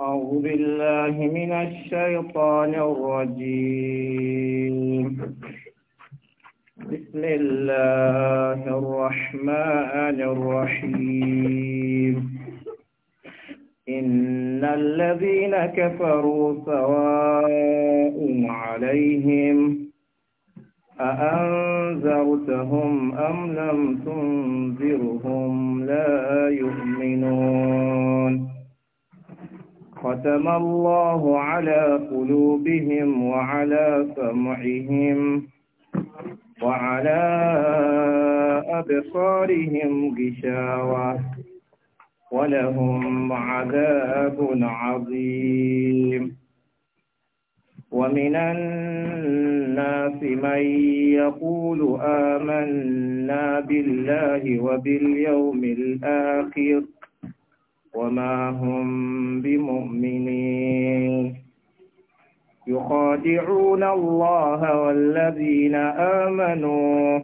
أعوذ بالله من الشيطان الرجيم بسم الله الرحمن الرحيم إن الذين كفروا سواء عليهم أأنذرتهم أم لم تنذرهم لا يؤمنون ختم الله على قلوبهم وعلى سمعهم وعلى أبصارهم غشاوة ولهم عذاب عظيم ومن الناس من يقول آمنا بالله وباليوم الآخر وما هم بمؤمنين يخادعون الله والذين آمنوا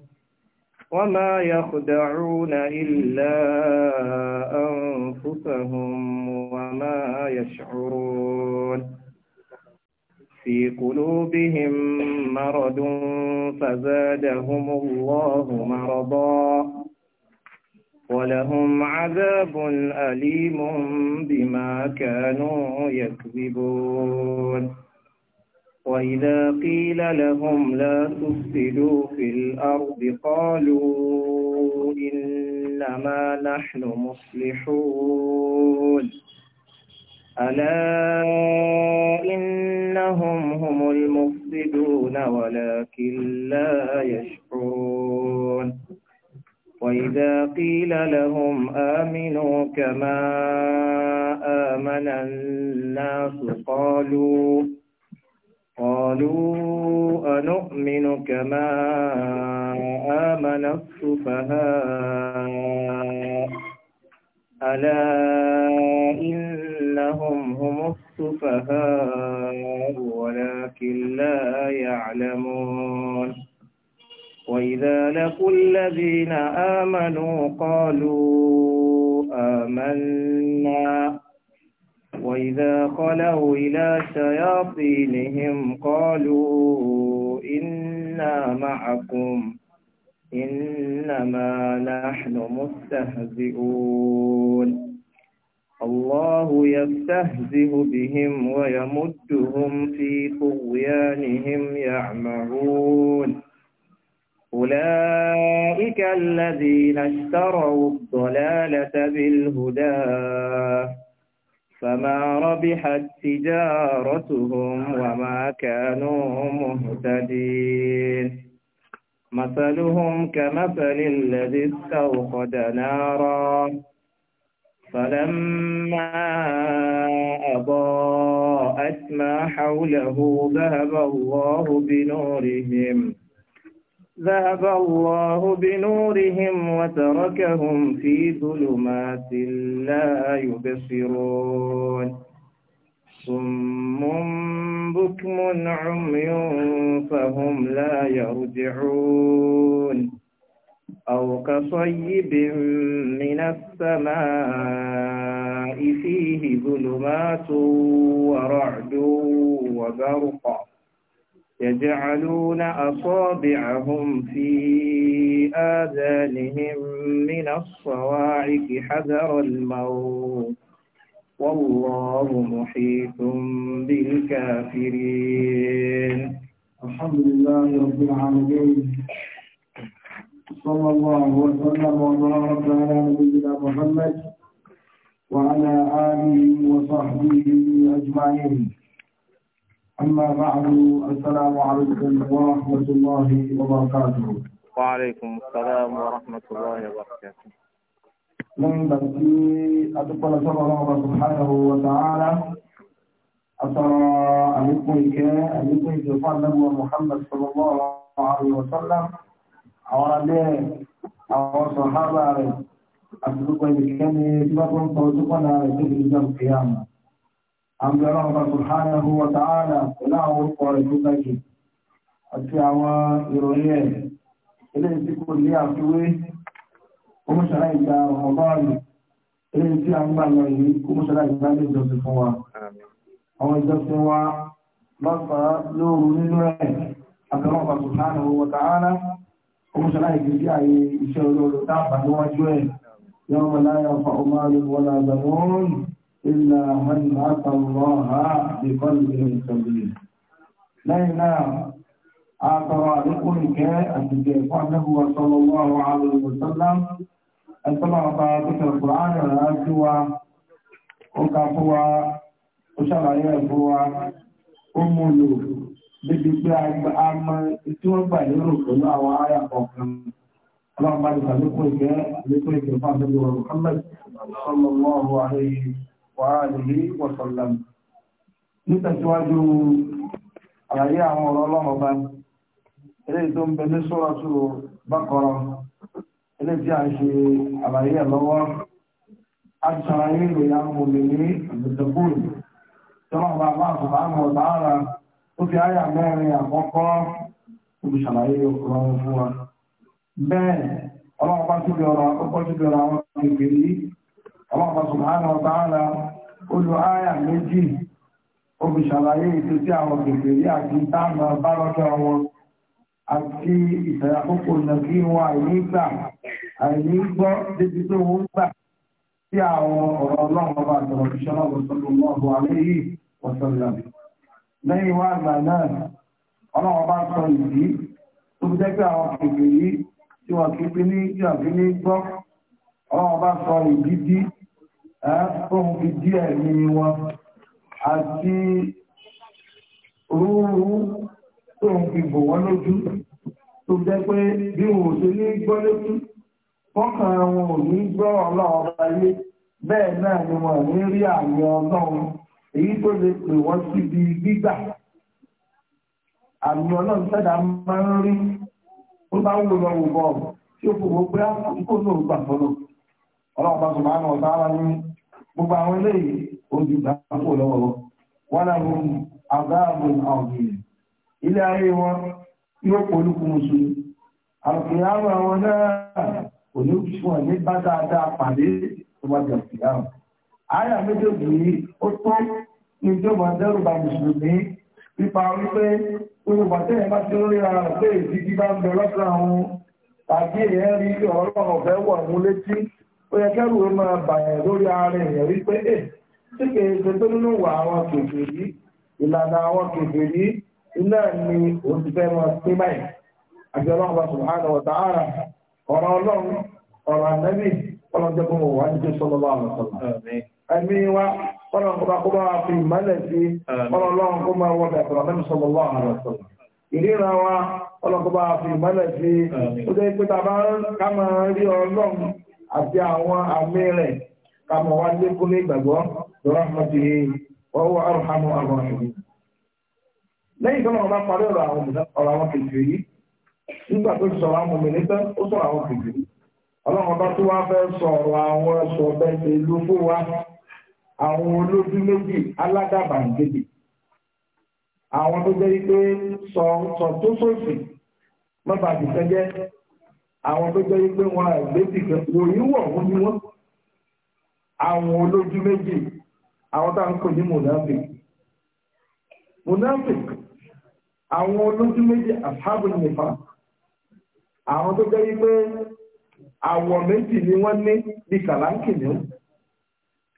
وما يخدعون إلا أنفسهم وما يشعرون في قلوبهم مرض فزادهم الله مرضا ولهم عذاب أليم بما كانوا يكذبون وإذا قيل لهم لا تفسدوا في الأرض قالوا إنما نحن مصلحون ألا إنهم هم المفسدون ولكن لا يشعرون وإذا قيل لهم آمنوا كما آمن الناس قالوا قالوا أنؤمن كما آمن السفهاء ألا إن أنهم هم السفهاء ولكن لا يعلمون وإذا لقوا الذين آمنوا قالوا آمنا وإذا خلوا إلى شياطينهم قالوا إنا معكم إنما نحن مستهزئون الله يستهزئ بهم ويمدهم في طغيانهم يعمهون أولئك الذين اشتروا الضلالة بالهدى فما ربحت تجارتهم وما كانوا مهتدين مثلهم كمثل الذي استوقد نارا فلما أضاءت ما حوله ذهب الله بنورهم ذهب الله بنورهم وتركهم في ظلمات لا يبصرون صم بكم عمي فهم لا يرجعون أو كصيب من السماء فيه ظلمات ورعد وبرق يجعلون أصابعهم في آذانهم من الصواعق حذر الموت والله محيط بالكافرين الحمد لله رب العالمين صلى الله وسلم وبارك على نبينا محمد وعلى آله وصحبه أجمعين أما بعد السلام عليكم ورحمة الله وبركاته وعليكم السلام ورحمة الله وبركاته من بكي أتقل صلى الله سبحانه وتعالى أترى أن يكون كان أن يكون محمد صلى الله عليه وسلم àwọn alẹ́ rẹ̀ àwọn sọ̀hábà rẹ̀ àti gbogbo ìdíkẹ́ni tí wọ́n tó ń sọ ojú pọ̀nà rẹ̀ tó fi jẹ́ òkè àmà. àmì ọlọ́run bá subhanahu wa ta'ala pẹ̀lú àwọn orúkọ rẹ̀ tó gbàgbé àti àwọn ìròyìn ẹ̀ eléyìí tí kò ìjọsìn wa lọ́sàá lóru nínú ẹ̀ àbẹ̀wọ̀n bá subhanahu wa ta'ala kọmọ́sánà ìgbésí ayé iṣẹ́ olóòrò dáàbà níwájú ẹ̀ yọ́n mọ̀ láyé ọfà ọmọdé wọlé àgbàmọ́n ilẹ̀ àmàlì àtàlọ́ ha ìkọlù ìrìnsọ̀bìlì lẹ́yìn náà àtọrọ àdúgbò ìkẹ́ àtìgbẹ̀ fún anábùwà ó ṣàlàyé ẹ̀ wa ó mú lò níbi pé a mọ tí wọ́n gbà lérò pẹ̀lú àwọn ará ọ̀kan ọlọ́run bá lè sàlékún ìgbẹ́ àlékún ìgbẹ́ fún àbẹ̀lẹ̀ wọn Muhammad sallallahu alaihi wa alihi wa sallam nítẹ̀síwájú àlàyé àwọn ọ̀rọ̀ ọlọ́run ọba eléyìí tó ń bẹ ní sọ́ọ̀tù bákọ̀rọ̀ eléyìí tí a ń ṣe àlàyé ẹ̀ lọ́wọ́ a ti sàlàyé ìròyìn àwọn òmìnirí àbùdàkùn tí wọ́n bá bá àwọn ọ̀tá ara tó fi àyà mẹ́rin àkọ́kọ́ olùṣàlàyé ọkùnrin fún wa bẹ́ẹ̀ ọlọ́run bá tóbi ọ̀rọ̀ àkọ́kọ́ tóbi ọ̀rọ̀ àwọn ìgbèrè yìí ọlọ́run bá sọ̀rọ̀ àwọn ọba ara olù àyà méjì olùṣàlàyé ètò tí àwọn ìgbèrè àti táàmù bá lọ́jọ́ wọn àti ìṣẹ̀yàkókò nàbí wọn àìnígbà àìnígbọ́ débi tó wọ́n gbà sí àwọn ọ̀rọ̀ ọlọ́run ọba àtọ̀rọ̀ ìṣọ́nà ọ̀sán lọ́wọ́ àbọ̀ àlẹ́ yìí wọ́n sọ̀rọ̀ lẹ́yìn wá àgbà náà ọlọ́wọ́ bá sọ ìdí tó fi jẹ́ pé àwọn kèfè yìí tí wọ́n kí pé ní ìjọ̀bí ní gbọ́ ọlọ́wọ́ bá sọ ìdí dí ẹ́fún fi díẹ̀ ní wọn àti rúurú tó ń fi bò wọ́n lójú tó jẹ́ pé bí wò ṣe ní gbọ́ lójú fọ́kàn wọn ò ní gbọ́ ọlọ́wọ́ bá yé bẹ́ẹ̀ náà ni wọ́n ní rí àmì ọlọ́run èyí tó lè pè wọ́n síbi gbígbà àmì ọlọ́run sẹ́dá máa ń rí ó bá ń wòlọ òbọ̀ tí ó fòwò pé ah, àkókò náà gbà fọ́lọ́ ọlọ́run bá sọ̀rọ̀ àwọn ọ̀tá ara ní gbogbo àwọn eléyìí ó ti gbà fò lọ́wọ́ wọn náà wọn àgbáàbò àwọn ilé ayé wọn yóò polúkú musu àlùkìyàwó àwọn náà kò ní sùn ní bá dáadáa pàdé tó bá jà sí àwọn àyà méjèèjì yìí ó tó ìjọba dẹ́rùbà mùsùlùmí pípa wípé olùgbà tẹ́yẹ̀ bá tí ó rí pé ìdíjí bá ń bẹ lọ́sàn tàbí ọ̀rọ̀ ọ̀fẹ́ wọ̀ mú létí ó yẹ kẹ́rù ó máa lórí ara wípé ẹ̀ eh, tí ṣe tó nínú wà àwọn kèfèrí ìlànà àwọn kèfèrí iná ni ti fẹ́ báyìí ọlọ́run ọ̀rọ̀ ọlọ́run ọ̀rọ̀ kó mọ̀ wá ní ọlọ́run kó fi ìmọ́lẹ̀ sí ọlọ́run kó máa wọ́n bẹ̀rẹ̀ fi ìmọ́lẹ̀ sí ó jẹ́ pé tàbá ká máa rí ọlọ́run àti àwọn àmì rẹ̀ ká máa wá lékún ní ìgbàgbọ́ lọ́rọ̀ àmọ́tì ọwọ́ àrùhámù àwọn àmì. lẹ́yìn tó náà bá parí ọ̀rọ̀ àwọn kèfèrí nígbà tó àwọn mòmìnì tán sọ̀rọ̀ àwọn kèfèrí àwọn olójú méjì aládàbàǹdèdè àwọn tó jẹ́ wípé sọ sọ tó sòsì mọ́ba àdìsẹ́ àwọn tó jẹ́ wípé wọn àgbésì kan wòyí wọ̀ wọ́n ni wọ́n àwọn olójú méjì àwọn tá à ń pè ní monafik monafik àwọn olójú méjì ashabul nifaq àwọn tó jẹ́ wípé àwọ̀ méjì ni wọ́n ní bí kàláńkì ni wọ́n.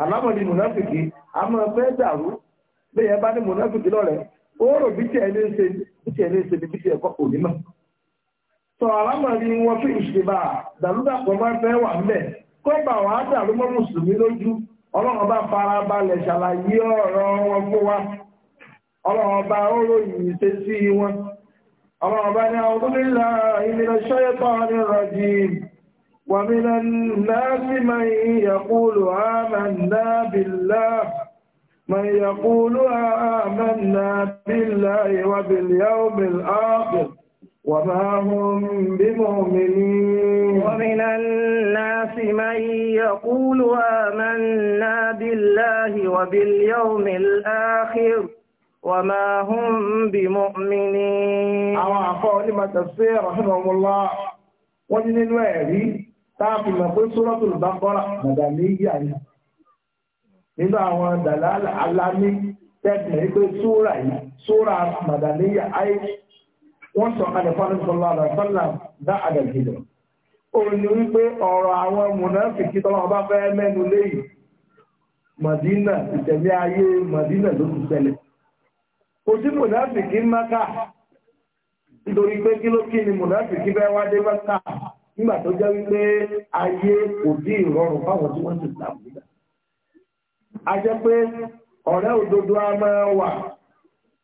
àlámọ̀dì mùnáfìkì a máa fẹ́ dàrú bí ẹ bá ní mùnáfìkì lọ́rẹ̀ẹ́ ó rò bí tí ẹ ní ṣe bí tí ẹ ní ṣe ni bí tí ẹ kọ́ kò ní mọ̀. sọ àlámọ̀dì wọn fi ìṣèlbà dàrúdàpọ̀ máa fẹ́ wà ń bẹ̀ kọ́ba wàá dàrú mọ́ mùsùlùmí lójú ọlọ́run bá fara balẹ̀ ṣàlàyé ọ̀rọ̀ wọn fún wa ọlọ́run bá ó ròyìn ìṣesí wọn ọlọ́run bá ní àwọn ومن الناس من يقول آمنا بالله من يقول آمنا بالله وباليوم الآخر وما هم بمؤمنين ومن الناس من يقول آمنا بالله وباليوم الآخر وما هم بمؤمنين أو أقول ما تفسير رحمه الله وجن الوالي táàbì mọ̀ pé Suratul Baqara Madaniyya ni nínú àwọn dàlálà alámi tẹ́tẹ̀ pé sóra yìí sóra Madaniyya ayé wọ́n sọ kalẹ̀ fún àdìsọ́lá àdàsọ́lá dá àdàjìdọ̀ ó ní wípé ọ̀rọ̀ àwọn mùnàfìkì tọ́wọ́ bá fẹ́ mẹ́nu léyìí Màdínà ìtẹ̀mí ayé Màdínà ló ti ṣẹlẹ̀ kò sí mùnàfìkì Mákà nítorí pé kí ló kí ni mùnàfìkì bẹ́ẹ̀ wá dé Mákà nígbà tó jẹ́ wípé ayé kò dín ìrọ̀rùn fáwọn tí wọ́n ti sàmù nígbà. a jẹ́ pé ọ̀rẹ́ òdodo a máa wà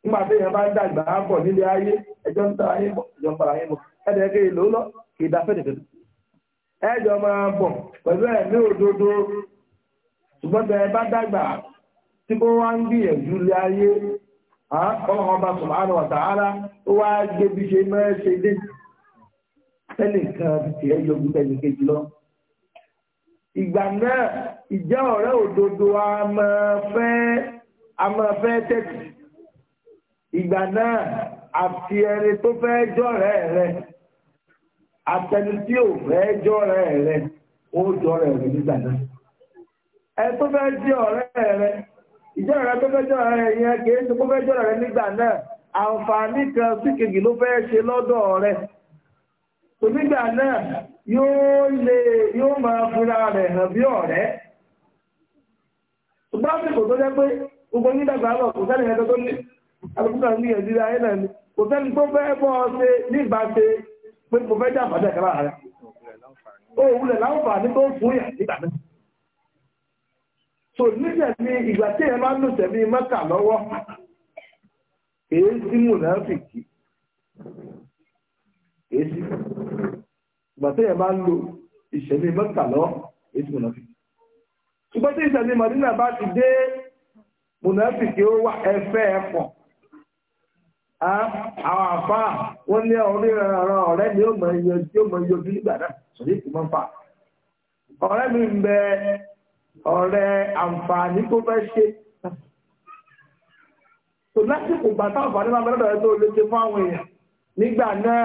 nígbà tó yẹn bá ń dàgbà á bọ̀ nílé ayé ẹjọ́ ń tara yín bọ̀ ẹjọ́ ń para yín bọ̀ ẹ̀dẹ̀ kí èlò lọ kì í dafẹ́ dẹ̀dẹ̀. ẹjọ́ máa bọ̀ pẹ̀lú ẹ̀mí òdodo ṣùgbọ́n tẹ̀ bá dàgbà tí kò wá ń gbìyànjú lé ayé ọlọ́run ọba sọ̀rọ̀ àrùn ọ̀tà ara tó wá gbé bí ṣe mẹ́ẹ́ ṣe dé tẹ́lẹ̀ kan ti tẹ̀ yọ ogun tẹ̀lé kejì lọ. ìgbà náà ìjẹ́ ọ̀rẹ́ òdodo a máa fẹ́ a máa fẹ́ tẹ̀sí. ìgbà náà àti ẹni tó fẹ́ jọ̀rẹ́ rẹ̀ àtẹni tí ò fẹ́ jọ̀rẹ́ rẹ̀ ó jọ̀rẹ́ rẹ̀ nígbà náà. ẹ tó fẹ́ jẹ́ ọ̀rẹ́ rẹ̀ ìjẹ́ ọ̀rẹ́ tó fẹ́ jọ̀rẹ́ rẹ̀ yẹn kì í ṣe kó fẹ́ jọ̀rẹ́ rẹ̀ nígbà náà àǹfààní kan sí ló fẹ́ ṣe lọ́dọ̀ rẹ̀. Onígbà náà yóò lè yóò máa fúnra rẹ̀ hàn bí ọ̀rẹ́. Ṣùgbọ́n àsìkò tó jẹ́ pé gbogbo yín dàgbà lọ kò sẹ́ni ẹ̀dọ́ tó ní alùpùpù ní ẹ̀díra ayé náà ni kò sẹ́ni tó fẹ́ bọ́ ọ ṣe ní ìbáṣe pé kò fẹ́ jà bàjẹ́ kan láàárẹ̀. Ó wulẹ̀ láǹfààní tó fún yà nígbà náà. So níbẹ̀ ni ìgbà tí ẹ máa ń lò tẹ̀mí mẹ́ta lọ́wọ́, èé sí mùnáfìkì, èé sí mùnáfìkì gbàtẹ́ yẹn bá ń lo ìṣẹ̀lẹ̀ mẹ́ta lọ ètò mọ̀nàfì ṣùgbọ́n tí ìṣẹ̀lẹ̀ mọ̀dínà bá ti dé mọ̀nàfì kí ó wà ẹ̀fẹ́ ẹ̀pọ̀ àwọn àfa wọn ní ọ̀rẹ́ ọ̀rọ̀ ọ̀rẹ́ ni ó mọ̀ ẹyọ tí ó mọ̀ ẹyọ bí nígbà náà sọ̀rọ̀ ètò mọ̀ fà ọ̀rẹ́ mi ń bẹ ọ̀rẹ́ àǹfààní tó fẹ́ ṣe tò gbàtà àǹfààní máa bẹ̀rẹ̀ tó lè ṣe fún àwọn èèyàn nígbà náà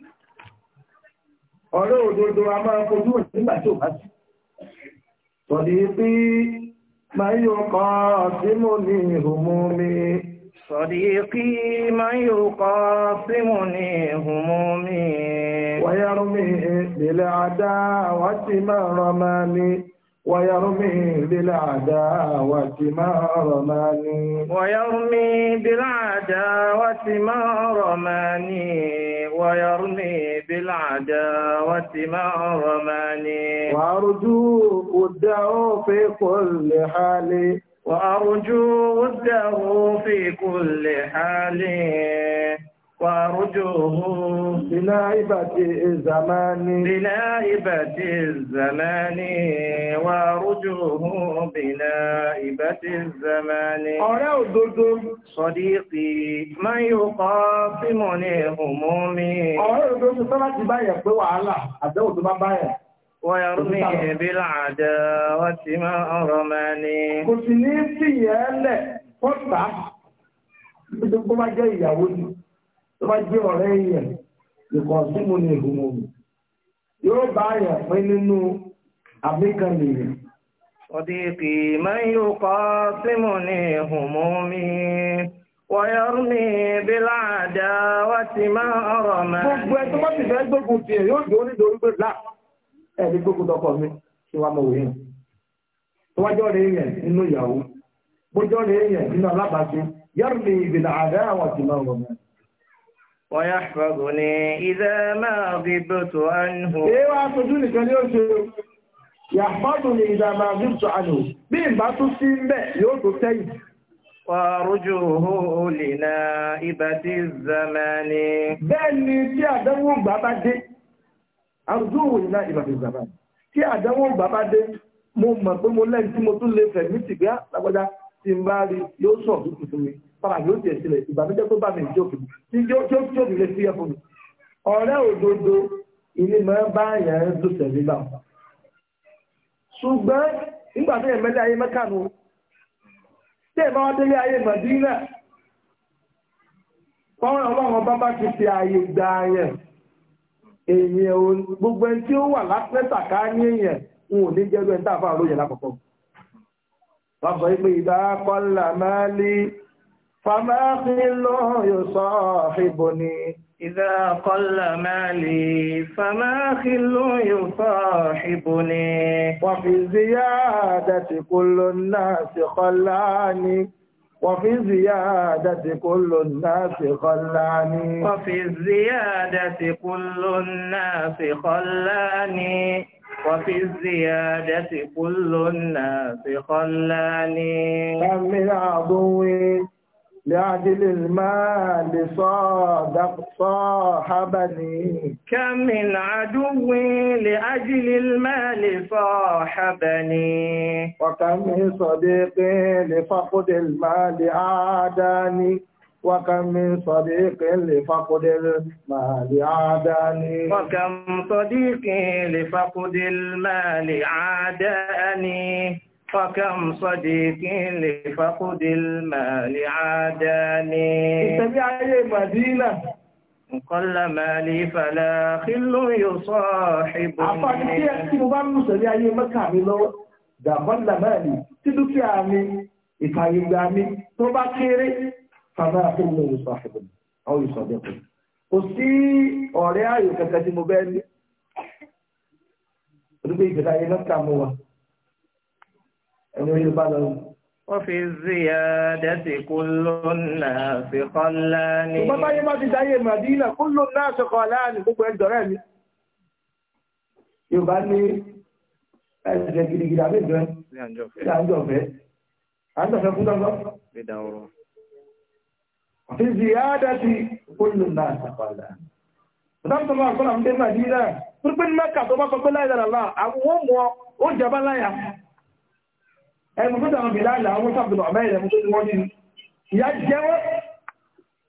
ọ̀rọ̀ òdodo a máa fojú wọ̀n nígbà tí ò bá sí. Tọ̀dí pé máa yóò kọ́ sí mo ní ìhòmó mi. Tọ̀dí pé máa yóò kọ́ sí mo ní ìhòmó mi. Wáyárùn mi ìpìlẹ̀ àdá wá sí máa rọ máa ويرمي بالعداوة ما ويرمي بالعداوة ما ويرمي بالعداوة ما رماني وأرجو وده في كل حال وأرجو وده في كل حال ورجوه بنائبة الزمان بنائبة الزمان ورجوه بنائبة الزمان أرى الدردم صديقي ما يقاسمني همومي أرى الدردم صلاة باية بوى على أدوى الدردم باية ويرمي بالعداوة ما أرماني كنت نفسي يا لك فتح بدون ما جاي يا ولد tó bá jẹ́ ọ̀rẹ́ yẹn nìkan sí mo ní ìhùmọ̀ mi yóò bá yẹn pín nínú àbíkanì rẹ̀. Ọ̀dìkì máa ń yóò kọ́ sí mo ní ìhùmọ̀ mi. Wọ̀yọ́rùmí bí láàdá wá ti máa ọ̀rọ̀ máa. Gbogbo ẹ tó bá ti fẹ́ gbógun ti yóò dúró nítorí pé láà. Ẹ̀rí Bójọ́ rẹ̀ yẹn nínú alábàáṣe. Yọ́rùmí bí láàdá wá ti máa ọ̀rọ̀ ويحفظني إذا ما غبت عنه ايوه àtọ́júnì kan ni ó ṣe يحفظني إذا ما غبت عنه bí n bá tún sí ń bẹ̀ yóò tó tẹ́yìn. وارجوه لنائبة الزمان bẹ́ẹ̀ ni tí àdánwò gbà bá dé أرجوه لنائبة الزمان tí àdánwò gbà bá dé mo mọ̀ pé mo lẹ́yìn tí mo tún lè fẹ̀mí tìgbà ah, lágbájá tí n bá rí yóò sọ̀ tuntun fún mi fara yóò tiẹ̀ sílẹ̀ ìbànújẹ́ tó bá mi ìjókòó tí yóò tó fi lè fi ẹ̀fọ́ mi ọ̀rẹ́ òdodo ilé máa bá àyàn ń dùn tẹ̀lé bá wọn. ṣùgbọ́n nígbà tó yẹn mẹ́lẹ́ ayé mẹ́kà nù tẹ́ ẹ̀ bá wá délé ayé màdínà fọ́nrán ọlọ́run bá bá ti fi ààyè gba àyàn èèyàn gbogbo ẹni tí ó wà lápẹ́sà ká ní èèyàn ń ò ní jẹ́rú ẹni tá a fà lóye lákọ̀ọ́kọ́. wọ́n sọ pé ìdá kọ́lá máa lé فما خل يصاحبني إذا قل مالي فما خل يصاحبني وفي الزيادة كل الناس خلاني وفي الزيادة كل الناس خلاني وفي الزيادة كل الناس خلاني وفي الزيادة كل الناس خلاني كم من عضوي لعجل المال صادق صاحبني كم من عدو لأجل المال صاحبني وكم من صديق لفقد المال عاداني وكم من صديق لفقد المال عاداني وكم صديق لفقد المال عاداني فكم صديق لفقد المال عاداني قل مالي فلا خل يصاحبني dàbọ́lá mẹ́rin tí dúkìá mi ìfàyègbà mi tó bá kéré fàbá àkókò ìsọ̀ àṣìbìnì àwọn ìsọ̀dẹ̀kùn kò sí ọ̀rẹ́ ayò kẹta tí mo bẹ́ẹ̀ ní orí pé ìgbẹ̀ta ayé mẹ́ta mú wa ẹni orí bá lọ rí. Wọ́n fi zíyà dẹ́sì kú lónà fi kọ́ láàní. Bàbá yẹn bá ti dáyé Màdínà kú lónà fi kọ́ láàní gbogbo ẹjọ́ rẹ̀ mi. Yorùbá ní ẹ̀sẹ̀ gidigidi àbẹ́jọ́ ẹ̀. Ní àjọ̀fẹ́. Àjọ̀fẹ́ fún dọ́gbọ́. Bí dáwọ́rọ́. Fi zíyà dẹ́sì kú lónà fi kọ́ láàní. Bàbá tó máa kọ́ làwọn dé Màdínà. Pípín mẹ́kà tó bá sọ pé láì dára láà, àwọn ò mọ̀ ó jẹba láyà ẹnu fún àwọn bìláàlì àwọn sàbùdùn ọ̀mẹ́ ilẹ̀ tó ti wọ́n ní ìyá jẹ́wọ́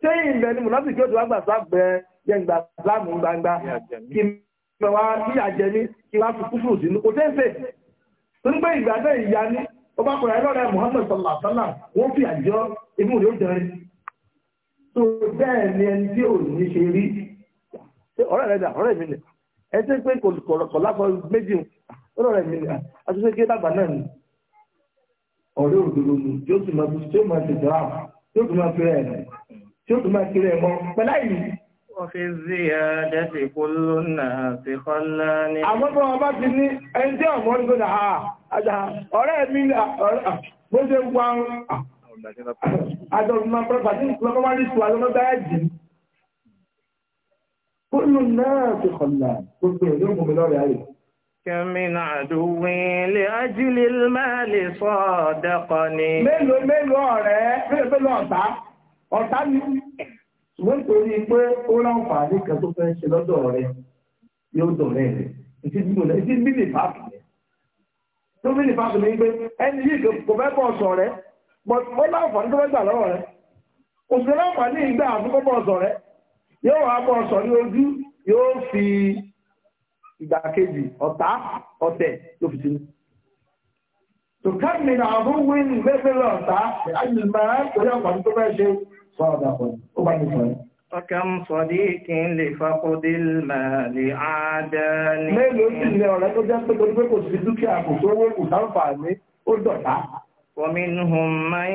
sẹ́yìn ìbẹ̀ ni mùnàbí kí ó ti wá gbà sáàgbẹ́ jẹ́gbà láàmù gbangba kí mẹ́wàá kí àjẹ́ ní kí wá fi kúfù sínú kò tẹ́sẹ̀ tó ń gbé ìgbà tẹ́ ìyá ní ó bá kọ̀rọ̀ ẹlọ́rẹ̀ Muhammad sallallahu alaihi wasallam wọ́n fi àjọ inú rẹ̀ ó dẹrin tó bẹ́ẹ̀ ni ẹni tí ò ní ṣe rí ọ̀rẹ́ rẹ̀ dà ọ̀rẹ́ mi nì ẹ ti pé kò láfọ méjì ọ̀rẹ́ mi nì ọ̀rẹ́ òdòdó ni tí ó sì máa tí ó máa ti dọ̀ tí ó tún máa fi rẹ̀ tí ó tún máa fi rẹ̀ pẹ̀lá ìlú. wọ́n fi zí ẹ̀ẹ́dẹ́ ti kó lónà ti kọ́ ní. àmọ́ bí wọ́n bá ti ní ẹni tí ọ̀mọ́ ní gbọ́dọ̀ àjà ah, ọ̀rẹ́ mi ah, ah, bó ṣe ń wá àjọ ìmọ̀ pàtàkì lọ́kọ́ máa ní ìṣòwò àlọ́mọ́ dáyà jì kó lónà ti kọ́ gbogbo ẹ̀ كم من عدو لأجل المال صادقني mélòó mélòó ọ̀rẹ́ mélòó mélòó ọ̀tá ọ̀tá ni ṣùgbọ́n torí pé ó láǹfààní kan tó fẹ́ ṣe lọ́dọ̀ rẹ yóò dọ̀rẹ́ rẹ ètí bíbò náà ètí bíbì fáàkì rẹ tó bíbì fáàkì rẹ pé ẹni yìí kò fẹ́ bọ̀ sọ̀ rẹ ó láǹfààní tó fẹ́ gbà lọ́wọ́ rẹ òṣèlú láǹfààní ìgbà àfikún bọ̀ sọ̀ rẹ yóò wá bọ̀ sọ̀ ní ojú yóò fi ìgbàkejì ọ̀tá ọ̀tẹ̀ ló fi sínú. tòkàmìnà ọdún wíìn lẹ́gbẹ̀rẹ̀ ọ̀tá ayélujára torí ọ̀pọ̀ tó fẹ́ ṣe sọ ọ̀dà ó bá ní sọ̀rọ̀. Ọkàn sọ̀dí ومنهم من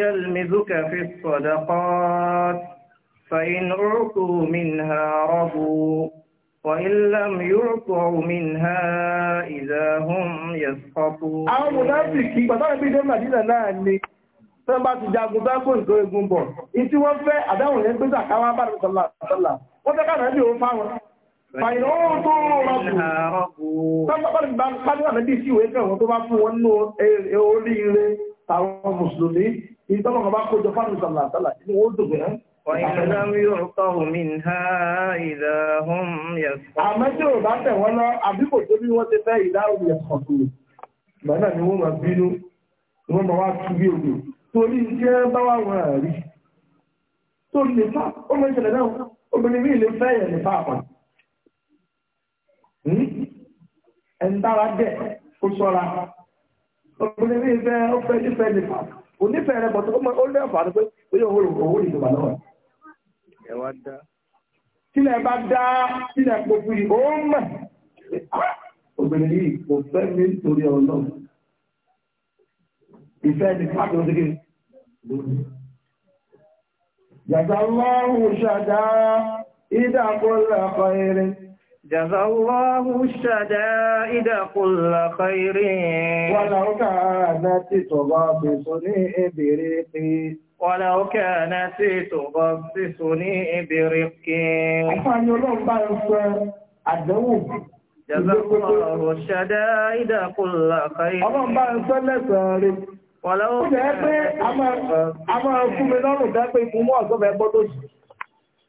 يلمزك في الصدقات فإن أعطوا منها رضوا وإن لم يعطوا منها إذا هم يسقطون àwọn mùnáfìkì bàbá ibi dé Màdínà náà ni tán bá ti jagun dákò ìtò egun bọ̀ ìtí wọ́n fẹ́ àdáhùn yẹn gbéjà káwá bá rẹ̀ sọ́lá sọ́lá wọ́n fẹ́ káàdà bí òun fáwọn fàyìn ó tó rọ̀bù tán bá rẹ̀ bá níwà níbi sí ìwé kẹwọn tó bá fún wọn nú oríire àwọn mùsùlùmí ìtọ́lọ́kọ̀ bá kójọ fáwọn sọ́lá sọ́lá ìdí wọn ó dògbé وإن لم يعطوا منها إذا هم يسخطون àmọ́ ni wọ́n máa bínú ni wọ́n máa wá tú bí torí iṣẹ́ bá wà wọ́n rí torí lè fà ó mọ ìṣẹ̀lẹ̀ náà obìnrin mi lè fẹ́ yẹn lè fà àpà hmm? ẹni tára dẹ̀ kó sọ́ra obìnrin mi fẹ́ ó fẹ́ nífẹ̀ẹ́ lè fà onífẹ̀ẹ́ rẹ̀ bọ̀ ó lé ọ̀fà ni pé ó yẹ owó ìjọba náà ẹ wá dá. tílẹ̀ bá dá tílẹ̀ gbogbo yìí ó ń mọ̀. Ah! obìnrin yìí kò fẹ́ mi nítorí ọlọ́run ìfẹ́ ni pàtó ṣe Jazallahu ṣàdá ìdàkọ́lá ọkọ̀ irin. Jazallahu ṣàdá ìdàkọ́lá ọkọ̀ irin. Wọ́n lọ́kàá náà ti tọ̀bá ولو كانت تغبصني برق أفعل الله بارك àdánwò. Jazakallahu shadaida kull khair. Ọmọ bá ń sọ lẹ́sàn-án rí. Wọ́n jẹ́ pé a máa fún mi lọ́rùn dápé ìfún mọ́ ọ̀gọ́bẹ̀ gbọ́ tó ṣe.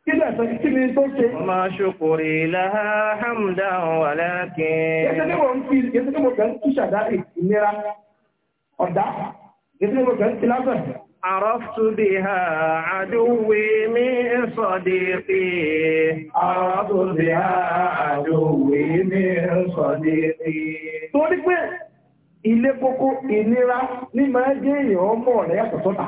Kí lẹ́sàn kí ni tó ṣe? Ọmọ ṣokòrè láhá hàmdà wà lákẹ́. Yẹ́sẹ̀ ní wọ́n fi yẹ́sẹ̀ ní mo kẹ́ ń kí ṣàdá ìnira ọ̀dá. Yẹ́sẹ̀ ní mo kẹ́ ń kí lásán. عرفت بها عدوي من صديقي عرفت بها عدوي من صديقي torí pé ilé kókó ìnira ní máa jẹ́ èèyàn ọmọ rẹ̀ yàtọ̀ sọ́tà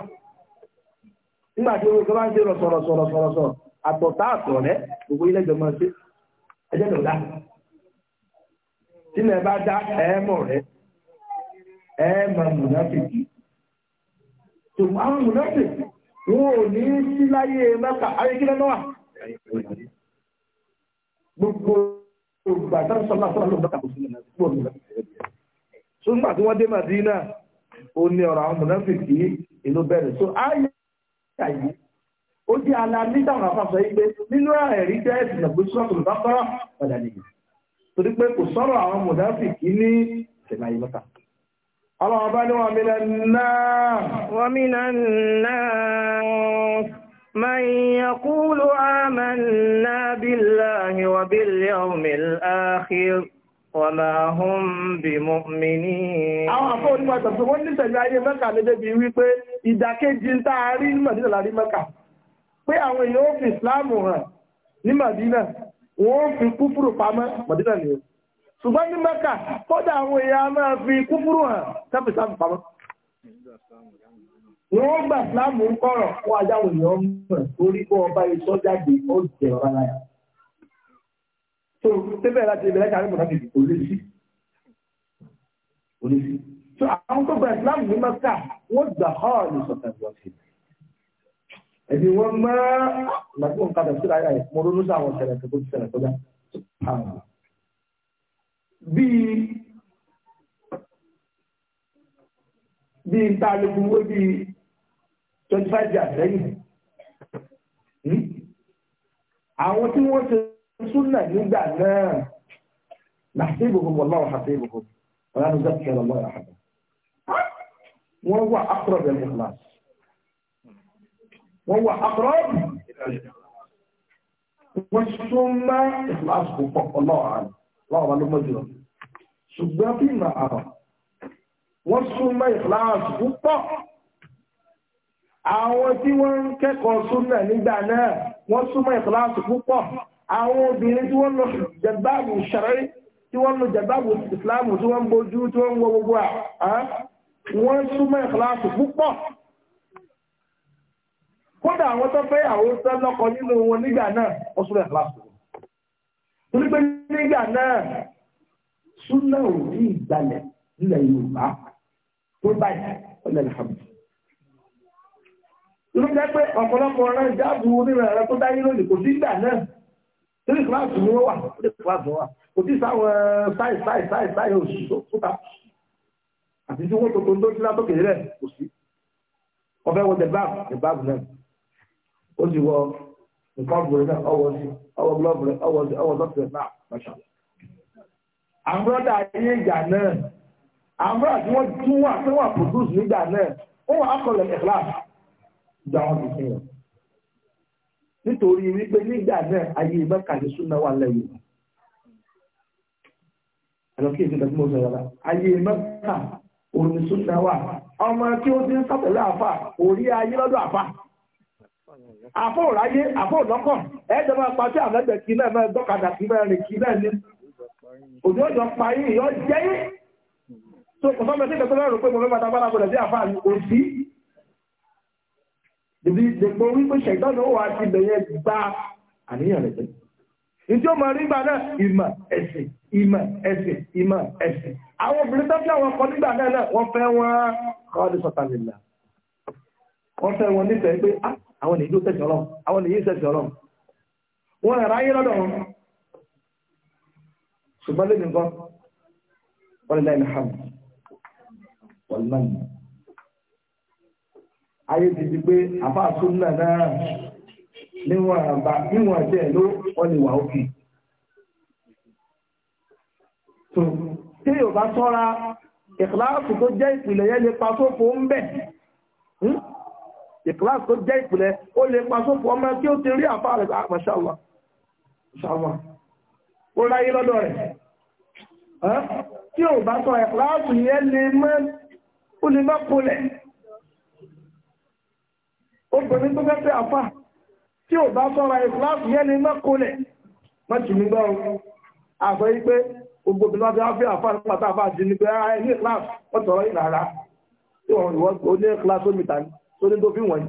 nígbà tí owó kọ́lá ń ṣe rọ̀sọ̀rọ̀ sọ̀rọ̀ sọ̀rọ̀ sọ̀rọ̀ àtọ̀tà àtọ̀ rẹ̀ gbogbo ilé ìjọba ṣe ẹjẹ́ ló na ṣùgbọ́n àwọn mùnẹ́sì wọn ò ní sí láyé mẹ́ta ayékílẹ̀ náà gbogbo ìgbà táwọn sọlá sọlá ló ń bá kò sí gbogbo ìgbà ṣùgbọ́n àti wọ́n dé so ayé àyè ó jẹ́ aláàbí táwọn afáfẹ́ yìí pé nínú ẹ̀rí jẹ́ ẹ̀sìn ẹ̀gbẹ́ sọ́ọ̀tù lọ́kọ́rọ́ ọ̀dà nìyí torí pé kò sọ̀rọ̀ Ọlọ́run bá ní wọ́n mi lẹ́nà. Wọ́n mi lẹ́nà. من يقول آمنا بالله وباليوم الآخر وما هم بمؤمنين àwọn àfọ́ onímọ̀ ìtàṣọ́ wọ́n bí wípé ìdàkejì ní àwọn èèyàn ó fi ìsìláàmù ní Màdínà wọ́n ó ṣùgbọ́n ní mẹ́kà kọ́dà àwọn èèyàn máa fi kúfúrú hàn tẹ́fì sáàmù pamọ́ ni wọ́n gbà síláàmù ń kọ̀rọ̀ fún ajáwọn èèyàn mọ̀ torí bọ́ ọba iṣọ́ jáde ó jẹ́ ọ̀rá láyà tó tẹ́fẹ̀ láti ìbẹ̀rẹ̀ kárí mọ̀tàkì kò lè sí kò lè sí tó àwọn tó gbà síláàmù ní mẹ́kà wọ́n gbà họ́ọ̀lù sọ̀tẹ̀ wọ́n sí ẹ̀bí wọ́n mọ́ àgbàgbọ́n kadà sí bíi bíi tali bu wo bíi twenty five years lẹ́yìn àwọn tí wọ́n ṣe ni súnà nígbà náà nahsibuhum wallahu hasibuhum wala nuzakki Allaha ahada wọ́n wà aqrab bil ikhlas wọ́n wà aqrab wọ́n súnmọ́ ikhlas púpọ̀ ọlọ́run láwọn ọba ló mọ̀ jùlọ ṣùgbọ́n bí ìmọ̀ àrọ̀ wọ́n súnmọ́ ìfúláàsì púpọ̀ àwọn tí wọ́n ń kẹ́kọ̀ọ́ súnmọ́ nígbà náà wọ́n súnmọ́ ìfúláàsì púpọ̀ àwọn obìnrin tí wọ́n lọ jẹ̀báàbù ṣẹ̀rẹ́ tí wọ́n lọ jẹ̀báàbù ìsìláàmù tí wọ́n gbójú tí wọ́n wọ gbogbo à wọ́n súnmọ́ ìfúláàsì púpọ̀ kódà àwọn tó fẹ́ àwọn tó lọ́kọ nínú wọn nígbà náà wọ́n súnmọ́ ìfúláàsì púpọ̀ torí pé nígbà náà súnà ò ní ìgbàlẹ̀ nílẹ̀ Yorùbá tó báyìí ọ̀lẹ́ làbùkù. Ló jẹ́ pé ọ̀pọ̀lọpọ̀ ọ̀rọ̀ ìjáàbù onírọ̀ ẹ̀rọ tó dáyé lónìí kò sí ìgbà náà. Torí kíláàsì ni wọ́n wà, torí kíláàsì wọ́n wà. Kò sí sáwọn sáì sáì sáì sáì òṣìṣọ́ fúta. Àti tí wọ́n tó tó ń dójú látó kéré rẹ̀ kò sí. Ọbẹ̀ wọ the bag, the bag náà. Ó sì wọ ìkọ́bùrẹ̀ náà ọwọ́ sí ọwọ́ blọ́ọ̀bù rẹ̀ ọwọ́ sí ọwọ́ dọ́kítọ̀ náà mọ̀ṣá. àmúrọ́dà ayé ìgbà náà àmúrọ́dà tí wọ́n tún wà tí wọ́n produce nígbà náà ó wà ákọlẹ̀ ìkìláàsì ìgbà wọn kì í fi hàn. nítorí wípé nígbà náà ayé ìmọ̀kàlẹ̀ súnmọ́ wà lẹ́yìn. àlọ́ kí èsì ìgbàgbọ́ mo sọ̀rọ̀ la ayé ìmọ̀kà òní súnmọ́ wà ọmọ tí ó ti ń sàtẹ̀lé àfà orí ayé lọ́dọ̀ àfà àfọ́ òráyé àfọ́ òlọ́kọ̀ ẹ̀ẹ́dẹ̀ máa pa sí àlẹ́gbẹ̀ kí náà máa gbọ́kadà kí náà rìn kí náà ní òjò ọjọ́ pa yín ìyọ́ jẹ́ yín tó kò sọ́mọ sí ìkẹ́kọ̀ọ́ lọ́rùn pé mo mẹ́ta bá lábọ̀dẹ̀ sí àfáà ní òsì dèbí dèpò wípé ṣẹ̀gbọ́n ó wà ti bẹ̀yẹ gba àníyàn rẹ̀ jẹ́ ìdí ó máa rí gbà náà ìmọ̀ ẹ̀sìn ìmọ̀ ẹ̀sìn ìmọ̀ ẹ̀sìn àwọn obìnrin tó fẹ́ wọn kọ nígbà náà wọ́n fẹ́ wọn kọ́ ọdún àwọn èyí tó sẹ̀sẹ̀ ọlọ́run àwọn èyí sẹ̀sẹ̀ ọlọ́run wọn rà ayé lọ́dọ̀ wọn ṣùgbọ́n lè nìkan wọlé ilham wọlé náà ayé ti di pé àbá súnmọ́ náà níwọ̀n àbá níwọ̀n àti ẹ̀ ló wọ́n lè wà òkè tó tí yóò bá sọ́ra ìkìláàsì tó jẹ́ ìpìlẹ̀ yẹn lè pa sófo ń bẹ̀ ìkíláàsì tó jẹ́ ìpìlẹ̀ ó lè pa sófò ọmọ kí ó ti rí àfa rẹ̀ àmàṣàwà ah, ṣàwà ó ráyé lọ́dọ̀ rẹ̀ tí ò bá sọ ìkíláàsì yẹn lè mọ́ ó lè má polẹ̀ obìnrin tó fẹ́ fẹ́ àfa tí ò bá sọ́ra ìkíláàsì yẹn lè má polẹ̀ má jù mí gbọ́ àgbẹ̀ yí pé gbogbo obìnrin wọn fi wá fẹ́ àfa nípa tá a bá jí ni pé ah, ní ìkíláàsì wọ́n tọ̀rọ̀ wọ́n ò ní ìkíláàsì ó mìta sórí tó fi wọ̀nyí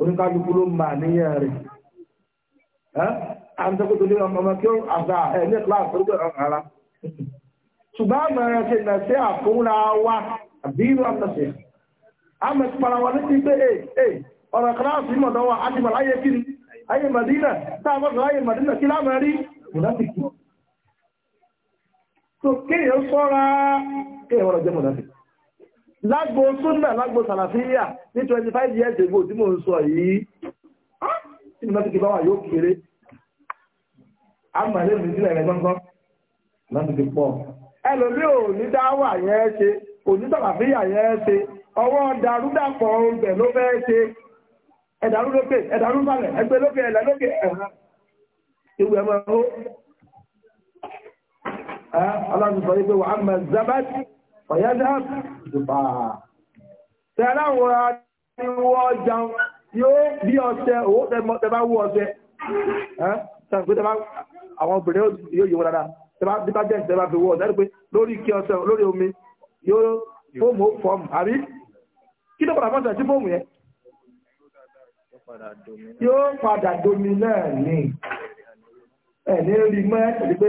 oníkálukú ló máa níyàn rẹ̀ àǹtẹ́kùtù ní ọmọ kí ó àgbà ẹ̀ ní kíláàsì orúkọ ara ṣùgbọ́n àmọ́ ẹ̀rọ ṣe nà sí àfúnra wa àbí irú àmọ́sẹ̀ àmọ́ ìpara wa létí pé ẹ̀ ẹ̀ ọ̀rọ̀ kíláàsì mọ̀dọ́ wa àti màlá ayé kiri ayé Màdínà tá a mọ̀dọ́ ayé Màdínà kí láàmú rí mọ̀dáfíkì tó kéèyàn sọ́ra kéèyàn wọ́n lọ lágbo súnà lágbo sàlàfíà ní 25 years ago tí mo ń sọ yìí tí mo láti bá wà yóò kéré àmà lẹ́nu ìdílé rẹ̀ gbọ́ngàn láti fi pọ̀ ẹlòmí ò ní dáwà yẹn ṣe kò ní sàlàfíà yẹn ṣe ọwọ́ darúdàpọ̀ ọ̀bẹ̀ ló fẹ́ ṣe ẹ̀dàrú lókè ẹ̀dàrú balẹ̀ ẹgbẹ́ lókè ẹ̀lẹ́ lókè ẹ̀hán ewu ẹ̀mọ́ ẹ̀hó ọlọ́run sọ wípé wàá mọ̀ zabati ọ̀yájá ìdùbà tẹ́lá àwọn ariwo ọjà yóò bí ọṣẹ owó tẹ́bá wú ọṣẹ ṣàǹkú tẹ́bá àwọn obìnrin yóò yíwọ́ dáadáa tẹ́bá dípá jẹ́ tẹ́bá fi wú ọṣẹ ẹ̀ ní pé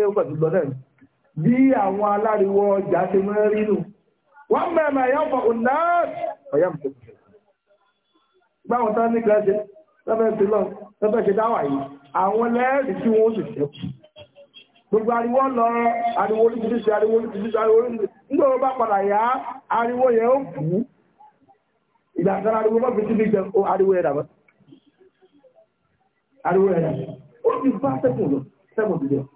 ó pẹ̀lú lọ bí àwọn aláriwo ọjà ṣe mọ́ rí wọ́n mẹ́mẹ́ yọ́ fọ̀ náà ọ̀yá mọ̀ gbáwọn tán ní gẹ́ẹ̀ṣẹ́ lọ́fẹ́ sí lọ lọ́fẹ́ ṣe dáwà yìí àwọn lẹ́ẹ̀rì tí wọ́n sì ṣe gbogbo ariwo lọ ariwo oríṣiríṣi ariwo oríṣiríṣi ariwo oríṣiríṣi nígbà wọn bá padà yá ariwo yẹn ó kú ìgbà kan ariwo bá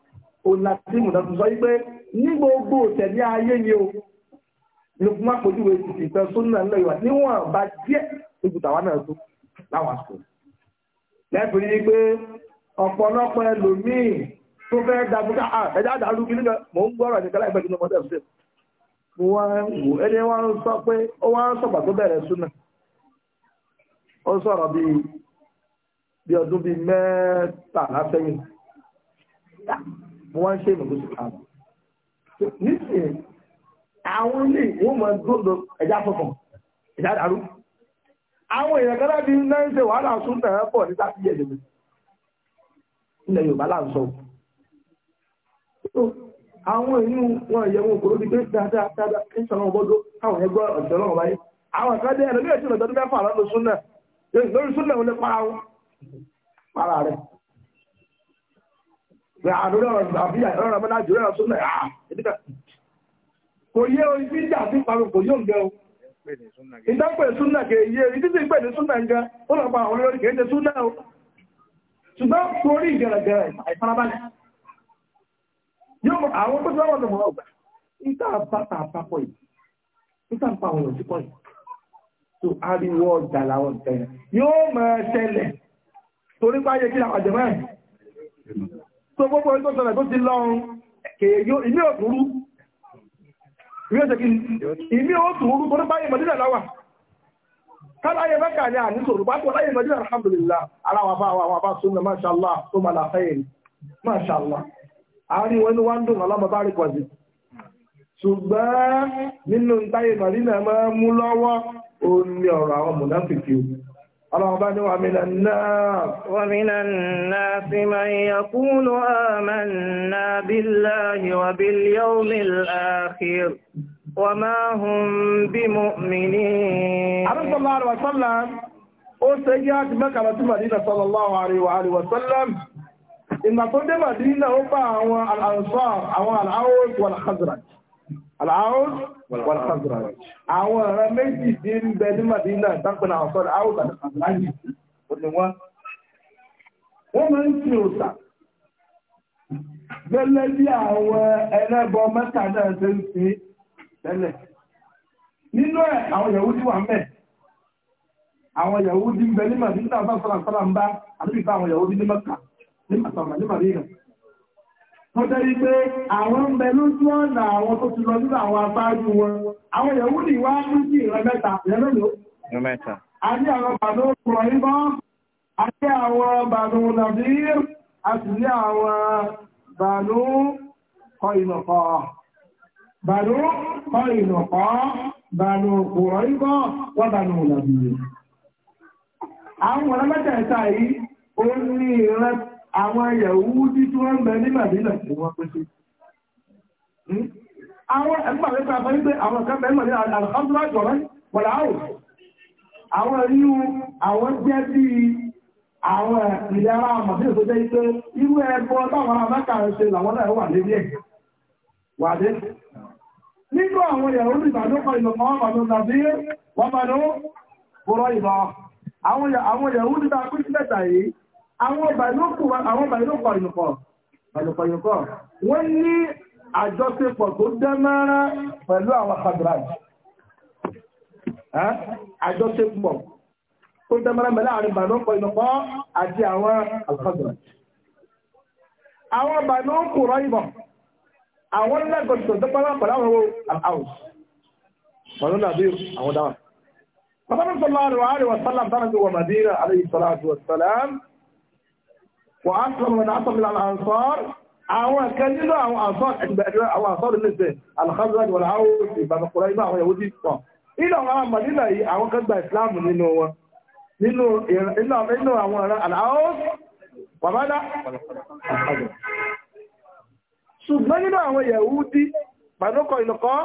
olùlàtìmù náà sọ wípé ní gbogbo tẹ̀lé ayé ni o lókun má kojú wo ètùtù ìfẹ́ sónà ńlẹ̀ yorùbá níwọ̀n bá díẹ̀ ìgbùtà wa náà tó láwọn àsìkò lẹ́bùn ní pé ọ̀pọ̀lọpọ̀ ẹlòmíì tó fẹ́ dàbúkà ẹ̀dá dàrú kí nígbà mò ń gbọ́rọ̀ nìkan láìpẹ́ nínú ọmọdé ọ̀sẹ̀ mo wá ń wò ẹni wá ń sọ pé ó wá ń sọ̀gbà tó bẹ̀rẹ̀ súnà ó sọ̀rọ̀ bí bí ọdún bíi mẹ́tàlá wọ́n se ń ṣe nísìnyí àwọn ilé ìwọ́n mọ̀ gbọ́dọ̀ ẹ̀já fọ̀fọ̀ ẹ̀já dàrú àwọn èèyàn kan láti ń náà ń ṣe wàhálà pọ̀ ní sáfì yẹ̀ lẹ́nu ilẹ̀ Yorùbá là ń sọ àwọn èèyàn wọn dáadáa dáadáa ń káwọn ọ̀sẹ̀ àwọn kan dé ẹ̀rọ bí ẹ̀sìn ọ̀dọ́dún mẹ́fà lọ́dún sún náà lórí sún náà Kò yé orí bí ìjà sí parun kò yóò gẹ o. Ìdápẹ̀ súnà kè yé orí títí pẹ̀lú súnà ń gẹ, ó lọ pa àwọn olórí kèé jẹ súnà o. Ṣùgbọ́n torí ìgẹ̀rẹ̀gẹ̀rẹ̀ àìfarabalẹ̀. Yóò mọ̀ àwọn tó sọ́wọ́ lọ mọ̀ ọgbà. Ìta bàtà àpapọ̀ yìí. Ìta ń pa àwọn òṣìkọ́ yìí. So ariwo ọjà làwọn tẹ̀yìn. Yóò mọ̀ ṣẹlẹ̀ torí báyé kí àwọn gbogbo orí tó sọ̀rọ̀ tó ti lọ́run kèèyàn ilé òtúrú ilé òtúrú tó ní báyìí mọ̀dínà láwà káláyé mẹ́kà ní àníṣòrò bá kọ́ láyé mọ̀dínà رغبا ومن الناس ومن الناس من يقول آمنا بالله وباليوم الآخر وما هم بمؤمنين عرض الله عليه وسلم وسيئات مكة مدينة صلى الله عليه وآله وسلم إن كنت مدينة أبا الأنصار أو العوز والخزرج Al-Aud wal-Khazraj. Àwọn ọ̀rọ̀ méjì tí ń bẹ ní Màdínà tápẹ̀lá ọ̀sọ́ Aud àti Khazraj ni wọ́n. Wọ́n máa ń sin òòṣà. Gẹ́lẹ́ bí àwọn ẹlẹ́bọ mẹ́ta náà wọ́n tẹ́rí pé àwọn ń bẹ lójú ọ̀nà àwọn tó ti lọ nínú àwọn abájú wọn àwọn ìyẹ̀wò ní wá ní sí ìran mẹ́ta a ní àwọn bàbá òkúrọ̀ ibọ́ a ní àwọn bàbá ònàbí a sì ní àwọn bàbá kọ ìnàkọ́ bàbá kọ ìnàkọ́ bàbá òkúrọ̀ ibọ́ wọ́n bàbá ònàbí àwọn ọ̀nà mẹ́tẹ̀ẹ̀ta yìí ó ní ìran àwọn Yẹ̀húdí tí wọ́n ń bẹ ní Màdínà tí wọ́n pẹ́ sí. Hmm? Àwọn ẹgbà mẹ́ta fẹ́ wípé àwọn ọ̀kan mẹ́mọ̀ ní Alhamdulillah jọ̀rọ̀ wọ̀lá áwò. Àwọn irú àwọn jẹ́ bí àwọn ilẹ̀ ara Màdínà tó jẹ́ wípé irú ẹgbọ́ táwọn ará Mẹ́ka ń ṣe làwọn náà wà lébi ẹ̀. Wàdé. Nínú àwọn Yẹ̀húdí ìbàdókọ̀ ìlọ̀mọ́ Bàdó Nàbí wọ́n Bàdó Bọ́rọ̀ ìbọn. Àwọn Yẹ̀húdí ta kú sí mẹ́ta yìí àwọn bàlùkọ̀yùnkọ̀ wọ́n ní àjọṣepọ̀ tó dẹ́mẹ́rá pẹ̀lú àwọn khadraj àjọṣepọ̀ tó dẹ́mẹ́rá pẹ̀lú àwọn bàlùkọ̀yùnkọ̀ àti àwọn khadraj àwọn bàlùkọ̀rọ̀ ìbọ̀ àwọn lẹ́gọ̀tọ̀ tó pẹ́lá pẹ̀lú àwọn al-Aws pẹ̀lú nàbí àwọn dáwà wọ́n á sọ wọn látọ̀ mi lànà àǹsọ́r àwọn kan nínú àwọn àǹsọ́r ẹgbẹ̀rẹ̀ àwọn àǹsọ́r lẹ́sẹ̀ alhamdulilayi wọn àwọn òsì ìbàmọ̀kọ̀rọ̀ inú àwọn yahudi pọ̀ nínú àwọn àmàdínà yìí àwọn kan gba ìsìláàmù nínú wọn nínú àwọn ọ̀ràn àlàó wàbádá ṣùgbọ́n nínú àwọn yahudi pàdókọ̀ ìlọ́kọ́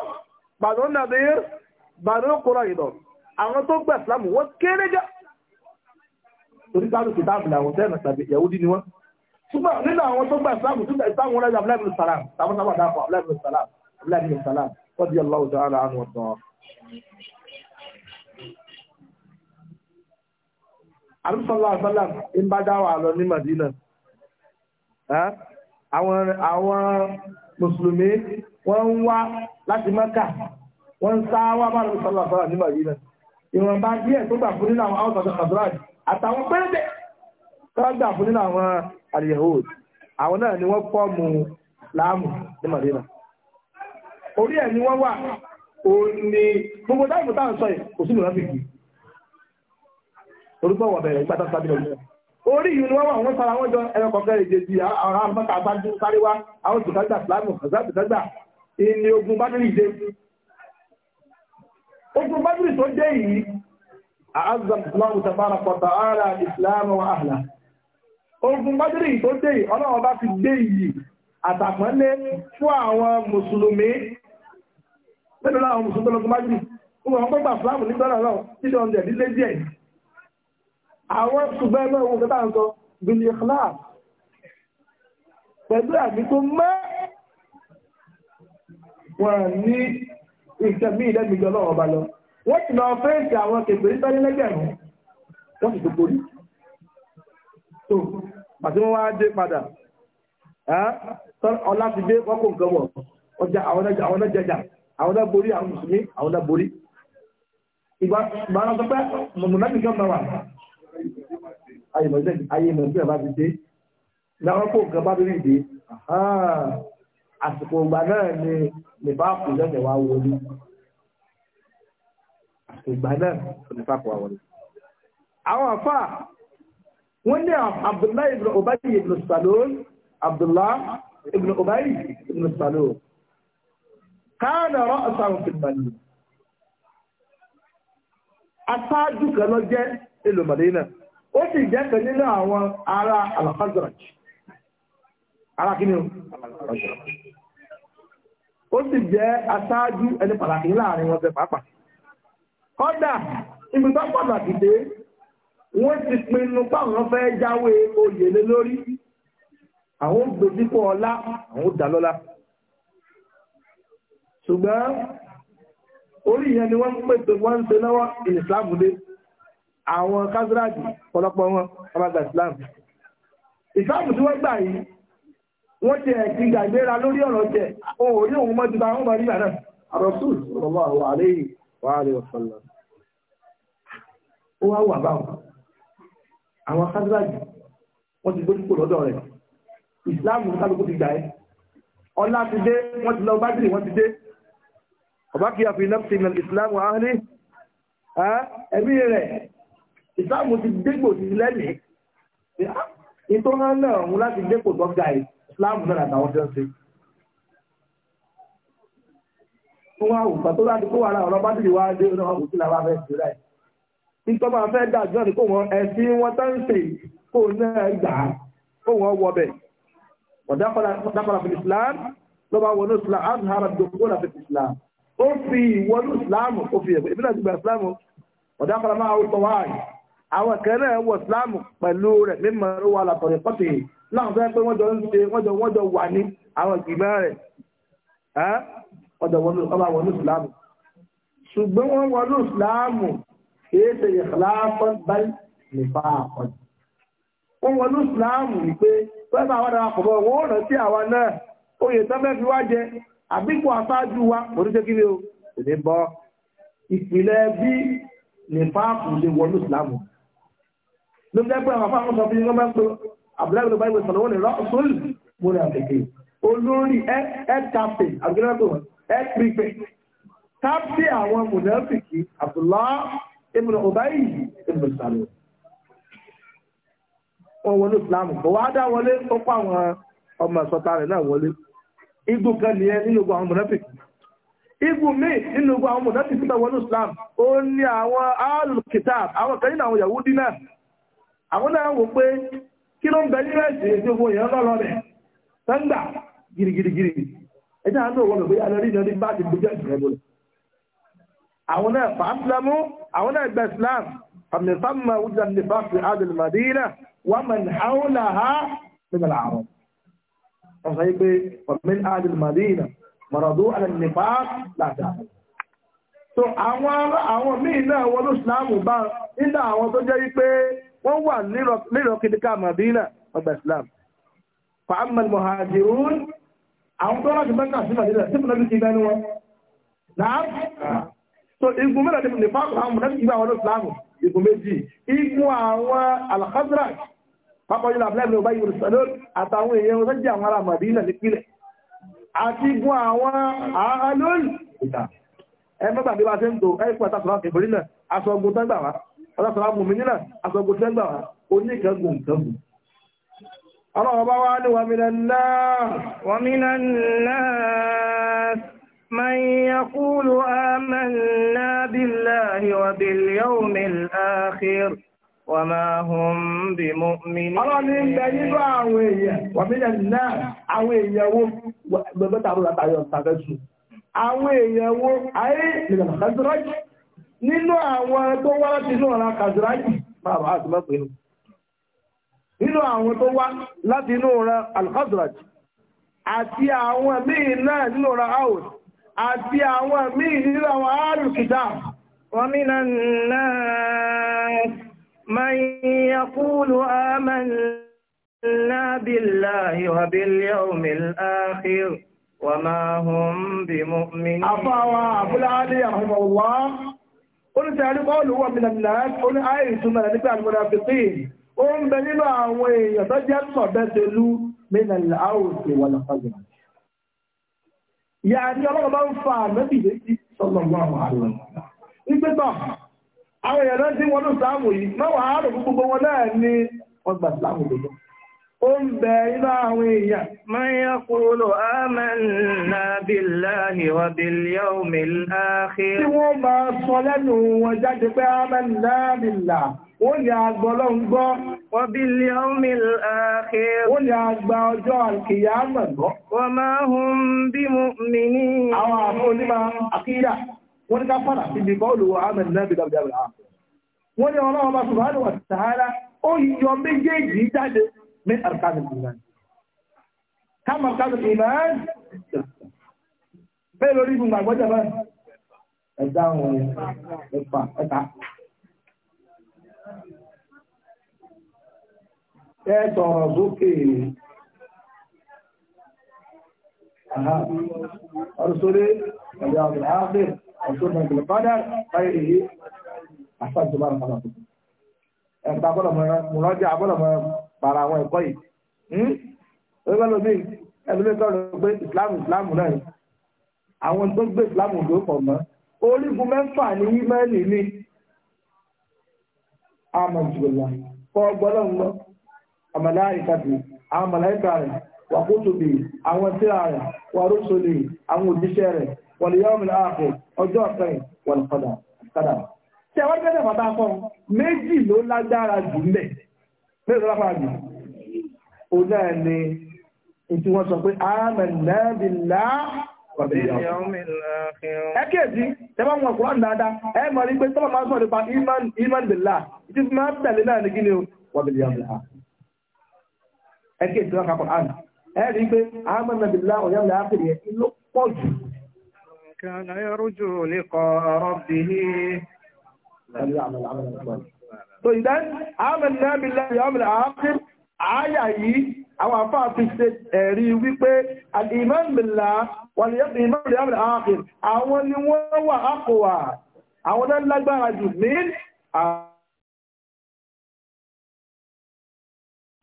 tó gba ìsìláàmù wọ́n kéré jẹ́ torí bá lùkì táàbù làwọn tẹ́ ẹ̀nà tàbí Yahudi ni wọ́n. ṣùgbọ́n nínú àwọn tó gba ìsìláàmù tó gba ìsìláàmù rẹ̀ abúlé ibùdó sàlám tàbátàbà dàpọ̀ abúlé ibùdó sàlám abúlé ibùdó sàlám wọ́n di ọlọ́wọ́ tó ara àwọn ọ̀tọ̀. àdúgbò sàlám ń bá dáwà lọ ní Madina. àwọn mùsùlùmí wọ́n ń wá láti Mẹ́kà wọ́n ń sá wá bá àdúgbò sàlám ní Madina. ìwọ̀nba díẹ̀ tó gbà fún nínú àwọn àwọn ọ̀tọ̀ àtàwọn péréte tọ́gbà fún nínú àwọn àwọn náà ni wọ́n pọ́ láàmù ní Madina orí ẹ̀ ni wọ́n wà gbogbo dáìbò táà ń sọ yìí kò sí orúkọ wọ̀ bẹ̀rẹ̀ orí wọ́n wà wọ́n wọ́n jọ ẹ̀rọ di àwọn àwọn ogun bádìrì dé ogun bádìrì tó dé yìí أعز الله تبارك وتعالى الإسلام وأهله ogun bádìrí tó dé yìí ọlọ́run bá fi dé yìí àtàpọ́nlé fún àwọn mùsùlùmí mẹ́lú láwọn mùsùlùmí lọ́gbọ́n bádìrí fún àwọn gbọ́gbà fúlàmù ní dọ́là náà títí ọ̀nà ìdílé díẹ̀ àwọn ṣùgbọ́n ẹgbẹ́ ohun kẹta ń sọ bìlì class pẹ̀lú àbí lọ wọ́n ti lọ fẹ́ǹsì àwọn kèbèrè tọ́lé lẹ́gbẹ̀rún wọ́n ti gbogbo rí tó àti wọ́n wá dé padà ọlá ti dé wọ́n kò nǹkan wọ̀ ọjà àwọn ọjàjà àwọn náà borí àwọn mùsùlùmí àwọn náà borí ìgbà àwọn sọ pé mọ̀mọ́nàbì kan máa wà ayé mọ̀ sí ẹ̀bá ti dé láwọn kò nǹkan bá rí àsìkò ìgbà náà ni nìbá kù lẹ́nu wọlé ìgbà náà onífàkọ̀ àwọn ni. àwọn àfà wọ́n ní abdullahi ibn ubayi ibn salul abdullahi ibn ubayi ibn salul káàdà rọ ọ̀sán fìdánì aṣáájú kan lọ jẹ́ ìlú Madina ó sì jẹ́ kan nínú àwọn ará al-Khazraj ara kí ni o ó sì jẹ́ aṣáájú ẹni pàtàkì láàrin wọn bẹ pàápàá kọ́dà ibi tó pàtàkì dé wọ́n ti pinnu páwọn fẹ́ jáwé oyè lé lórí àwọn gbèdípò ọlá àwọn dàlọ́lá ṣùgbọ́n orí ìyẹn ni wọ́n ń pètò wọ́n ń ṣe lọ́wọ́ ìsìláàmù dé àwọn kásírààjì ọ̀pọ̀lọpọ̀ wọn ọmọgbà ìsìláàmù ìsìláàmù tí wọ́n gbà yìí wọ́n ti ẹ̀kí gbàgbéra lórí ọ̀rọ̀ jẹ ohun orí òun mọ́ ti ta àwọn ọmọ nígbà náà àròsùn ọ̀rọ̀ àlẹ́ yìí wàhálì ọ̀sánlá ó wá wà báwọn àwọn sábàjì wọ́n ti gbójúkò lọ́dọ̀ rẹ̀ ìsìláàmù kálukú ti gbà ẹ́ ọlá ti dé wọ́n ti lọ bájìrì wọ́n ti dé ọba kí a fi iná sí ìsìláàmù ahánì ẹ̀mí rẹ̀ ìsìláàmù ti dégbò sí lẹ́nìí ìtọ́nà náà òun láti dégbò tó ga ìsìláàmù náà àtàwọn tó ń ṣe fún wa òǹkà tó láti kó wà láwọn ọ̀rọ̀ bátìrì wá dé ọ̀nà ọ̀hún sí làwọn afẹ́ ìṣúra ẹ̀. ìtọ́ba afẹ́ dàjọ́ ni kó wọn ẹ̀sìn wọn tán ṣe kó náà gbà á kó wọn wọ bẹ̀. ọ̀dàkọ̀lá fi islam ló bá wọnú islam azhara dòkúlà fi islam ó fi ìwọnú islam ó fi ẹ̀kọ́ ìbílẹ̀ ìgbà islam ọ̀dàkọ̀lá máa wọ tọ́wáì àwọn kan náà wọ islam pẹ̀lú rẹ̀ mímọ̀ ló wà látọ̀rẹ̀ pọ̀tì láwọn fẹ́ pé wọ́n jọ wà ní àwọn ìgbìmọ̀ rẹ̀ ọdọ̀ ọba wọnú ìsìláàmù ṣùgbọ́n wọ́n wọnú ìsìláàmù kìí ṣe ìkìláàfọ́ báyìí nípa àkọ́jù wọ́n wọnú ìsìláàmù wípé pẹ́ẹ́bà àwọn darapọ̀ bọ́ wọ́n rántí àwa náà oyè tọ́fẹ́ fi wá jẹ àbíkú aṣáájú wa kò kí o kò ní bọ́ ìpìlẹ̀ bí nípa àkùnlé wọnú ìsìláàmù ló ń jẹ́ pé àwọn afáwọn sọ fún yín wọ́n máa ń pe àbúlá ìlú báyìí wọ̀ olórí head captain àgbẹ̀rẹ́gbẹ̀ wọn àwọn mùnàfìkì Abdullah ibn Ubayy ibn Salul wọn wọlé Islam kò wá dá wọlé ó àwọn ọmọ ìsọta rẹ̀ náà wọlé igun kan nìyẹn nínú ogun àwọn mùnàfìkì igun míì nínú ogun àwọn mùnàfìkì wọlé Islam ó ní àwọn al àwọn kan nínú àwọn Yahudi náà àwọn náà wò pé kí ló ń bẹ ìdí ogun yẹn sangba girigirigiri ẹjọ́ àwọn òwò lọ́gbẹ́ alẹ́rí ìjọ ní bá ti gbójú ẹ̀sìn ẹ̀bùn àwọn náà fa islamu àwọn náà gba islam fàmìfàmà wùdà nípa fi adìl madina wà màn hàúlà ha nínú àárọ̀ wọ́n sọ pé fàmìn adìl madina maradu alẹ́ nípa láti àárọ̀ so àwọn àwọn míì náà wọlé islam bá nígbà àwọn tó jẹ́ wípé wọ́n wà nílọ̀kìdíkà madina ọgbà islam fàámà mọ̀hàdìrún àwọn tó láti mẹ́ta sí màdínà tí mo náà ti bẹ́ẹ̀ wọn. náà so igun mẹ́ta ni mo lè fáwọn àwọn mọ̀lẹ́bí ìgbà àwọn ìsìlámù igun méjì igun àwọn alhazrak pápájú làbúlẹ̀ ìbìlẹ̀ ọba ìwòrán sàlọ́ àtàwọn èèyàn wọn jẹ́ àwọn ará màdínà nípìnlẹ̀ àti igun àwọn àálọ́l ìta ẹ mẹ́ta bí wàá ṣe ń tó ẹ fún ẹ̀ta sọ̀rọ̀ ìbòrí náà ọlọ́ọ̀bá wá ní wàmìnà náà من يقول آمنا بالله وباليوم الآخر وما هم ń bẹ nínú àwọn èèyàn wàmílẹ̀ náà àwọn èèyàn wo gbẹ̀gbẹ̀ tàbí látàrí ọ̀tàfẹ́sù àwọn èèyàn wo ayé nìkan kàzírájì nínú àwọn tó wá láti inú ọ̀la kàzírájì nínú àwọn tó wá láti inú ọ̀rọ̀ àti àwọn míì náà nínú ọ̀rọ̀ house àti àwọn míì nínú àwọn alùkìtà wọ́n mìíràn náà man yaqulu amanna billahi wa bil yawmil akhir wa ma hum bimu'minin afáwa àbúláàdé àhùnmọ̀ wá ó ní sẹ́rí kọ́ọ̀lù wọ́n mìíràn náà ó ní al-munafiqin ó ń bẹ nínú àwọn èèyàn tó jẹ́ sọ̀bẹ́sẹ̀lú mẹ́nàlá àwòsè wà lọ́sàgbà yàrá ọlọ́run bá ń fa àmẹ́bì létí sọ́lọ́gbọ́n àwọn àrùn ìgbé tán àwọn èèyàn náà tí wọ́n ń bẹ iná àwọn ó lè àgbọ́ lọ́n gbọ́. Wọ́n bí lè ọmọ ààkẹ́. Ó lè àgbà ọjọ́ àkìyà mọ̀ gbọ́. Wọ́n máa hun bí mú mi ní. Àwọn àfún onímọ̀ àkíyà, wọ́n ní ká padà sí ibi bọ́ọ̀lù Ahmed Nabi Dabdab. Wọ́n ní ọlọ́run bá Subhanahu wa Ta'ala, ó yọ méjèèjì jáde ní Arkanu Iman. Ká mọ̀ ẹ sọ̀rọ̀ sókè ọ̀rọ̀sọ́rẹ́ ọ̀dọ̀ àbẹ̀ ọ̀sọ́rọ̀ ìgbìlẹ̀ padà báyìí èyí àṣàjọba àpapọ̀ ẹ̀ka bọ́lọ̀ mọ̀lọ́jà bọ́lọ̀ mọ̀ bàrà àwọn ẹ̀kọ́ yìí hmm? ẹgbẹ́ lómi ẹgbẹ́ sọ̀rọ̀ pé ìsìláàmù ìsìláàmù náà àwọn tó gbé ìsìláàmù ló pọ̀ mọ́ orígun mẹ́fà ní ímẹ́ẹ̀lì ní àmọ̀ jùlọ fọ́ àmàláìkàtì àwọn màláìkà rẹ̀ wà kútùbì àwọn tíra rẹ̀ wà rúṣùlì àwọn òjíṣẹ́ rẹ̀ wà lè yọ́mìnà ààfẹ́ ọjọ́ ọ̀kan wà ní padà padà. tí àwọn ìgbésẹ̀ fàtà kan méjì ló lágbára jù ń bẹ̀ méjì ló lágbára jù ó náà ni ìtí wọ́n sọ pé àmàlà bìlá Ẹkẹ́ẹ̀sí, ẹbá wọn Kùránì dáadáa, ẹ mọ̀ rí pé tọ́lọ̀ máa sọ̀rọ̀ nípa Iman Bìlá, ìtí máa tẹ̀lé náà ní gíní wọ́n bìlá ẹgbẹ́ ìtura kakọ̀ àná ẹ rí i pé ahmed nàbìlá ọ̀yá ọ̀lẹ́ àpèrè yẹn ló pọ̀ jù. كان يرجو لقاء so ìdán àmìnà bílá ìyọ́mìnà àákìr àyà yìí àwọn àfáà fi ṣe ẹ̀rí wípé alìmọ́mìnà ìyọ́mìnà àákìr àwọn ni wọ́n wà ákòwà àwọn lágbára jù ní àwọn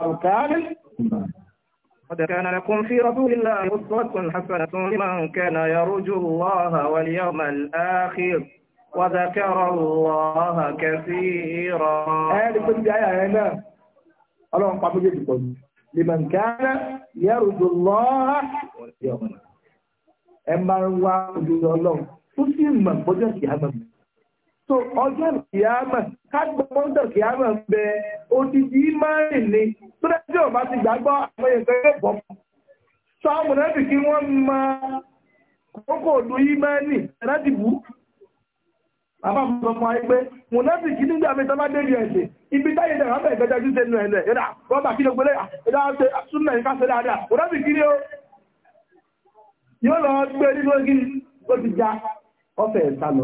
أركان قد كان لكم في رسول الله أسوة حسنة لمن كان يرجو الله واليوم الآخر وذكر الله كثيرا هذه كل آية هنا اللهم قبل يدكم لمن كان يرجو الله واليوم الآخر أما هو الله فسيما بجد يا so ọjọ́ ìkìyàmà kágbọ́ndọ̀ ìkìyàmà ń bẹ odidi máàrì ni tó dájú ọba ti gbàgbọ́ àwọn èèyàn yóò bọ̀ sọ amúnẹ́bì kí wọ́n ma kókó òdu ìmáàlì láti bú bàbá mi sọ fún wa pé mùnẹ́bì kí nígbà mi tọ́ bá débi ẹ̀sẹ̀ ibi táyé dàgbà bẹ̀rẹ̀ gbẹjà ju sẹ́nu ẹ̀ lẹ̀ yọ̀dà rọ́bà kí ló gbélé ẹ̀dá ṣe súnmọ̀ yìí kásẹ̀ dáadáa mùnẹ́bì kí ni ó yóò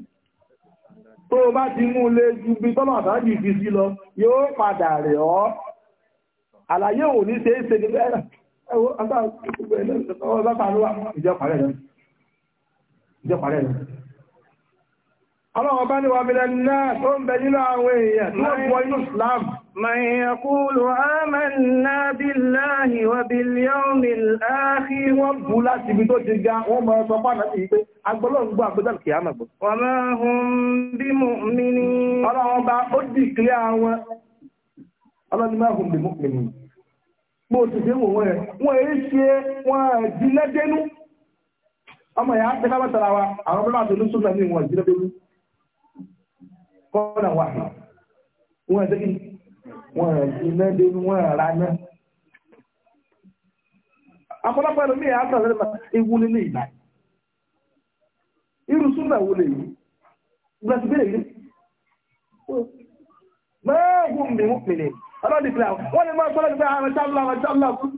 tó bá ti mú lé ju bí tọ́lọ̀ àtàjì fi sí lọ yóò padà rẹ̀ ọ́ àlàyé ò ní ṣe é ṣe ní bẹ́ẹ̀rẹ̀ Ọlọ́run bá ní wà mílẹ̀ náà tó ń bẹ nínú àwọn èèyàn tó ń من يقول آمنا بالله وباليوم الآخر وابو لا تبدو جيغا وما صفانا تيبي agbọ́lọ́run gbọ́ àgbẹ́dàn kìí àmàgbọ́. ọmọ ohun bí mùmínì. ọlọ́run bá ó dì kílé àwọn ọlọ́run máa hùn bí mùmínì. mo sì fi wò wọ́n rẹ̀ wọ́n èyí ṣe wọ́n jìnnẹ́dẹ́nu. ọmọ ìyá ti kábàtà ra wa àwọn ọmọ àti olùsùn náà ní wọ́n jìnnẹ́dẹ́nu. kọ́ńtà wà wọ́n ẹ̀ wọ́n iná dé ní wọ́n ara náà. Afọlọ́pàá ẹlòmí ẹ̀ àtọ̀ lẹ́nu ewu nílé ìlà. Irú súnà wo lè yí? Gbèsè bẹ́ẹ̀ yí. Máa wù mí wù mí ni. Ọlọ́dì pìlà wọ́n lè máa sọ́lọ́ nípa ah, àwọn ẹja ńlá àwọn ẹja ńlá fún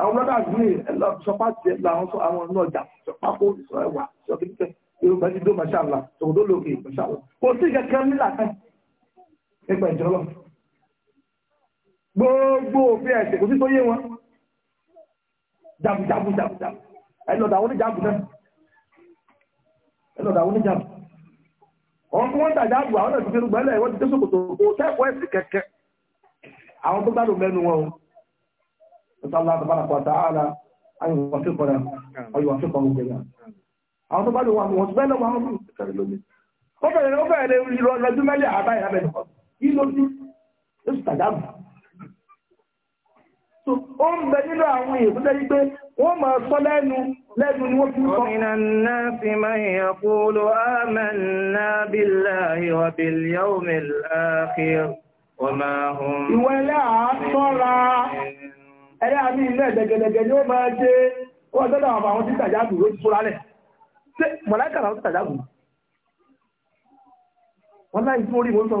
àwọn ọlọ́dà gbé ẹlọ sọpá tiẹ̀ làwọn sọ àwọn ọ̀nà ọjà sọpá kó sọ ẹwà sọ kíkẹ́ Yorùbá ti dó màṣá àlà sọ̀dọ́ lókè màṣá àlà. Kò sí kẹ̀kẹ́ nílà kan. nípa ìjọlọ gbogbo òfin ẹ̀sẹ̀ kò sí tó yé wọn jàbù jàbù jàbù jàbù ẹlọ́dà wọn ní jàbù náà ẹlọ́dà wọn ní jàbù ọ̀n kí wọ́n tàjà àbù àwọn ẹ̀sìn fẹ́rùgbọ́n ìwọ́n ti dé sókòtò tẹ́kọ̀ọ́ ẹ̀sìn kẹ̀kẹ́ àwọn tó gbádùn mẹ́nu wọn o ìsàlá àtàbàlà pàtà ààlà ayọ̀wọ̀ fífọ́ra ọyọ̀wọ̀ fífọ́ra ògbẹ̀rẹ̀ àwọn tó gbádùn wọn kí ló dé lóṣù tàjáàmù so ó ń bẹ nínú àwọn èèyàn tó jẹ́ wípé wọ́n máa sọ lẹ́nu lẹ́nu ni wọ́n fi ń sọ. Ọmọ náà fi máa ń yàn kú ló ámẹ́nà billahi wa bil yawmil akhir wa ilẹ̀ gẹ̀gẹ̀gẹ̀ ni ó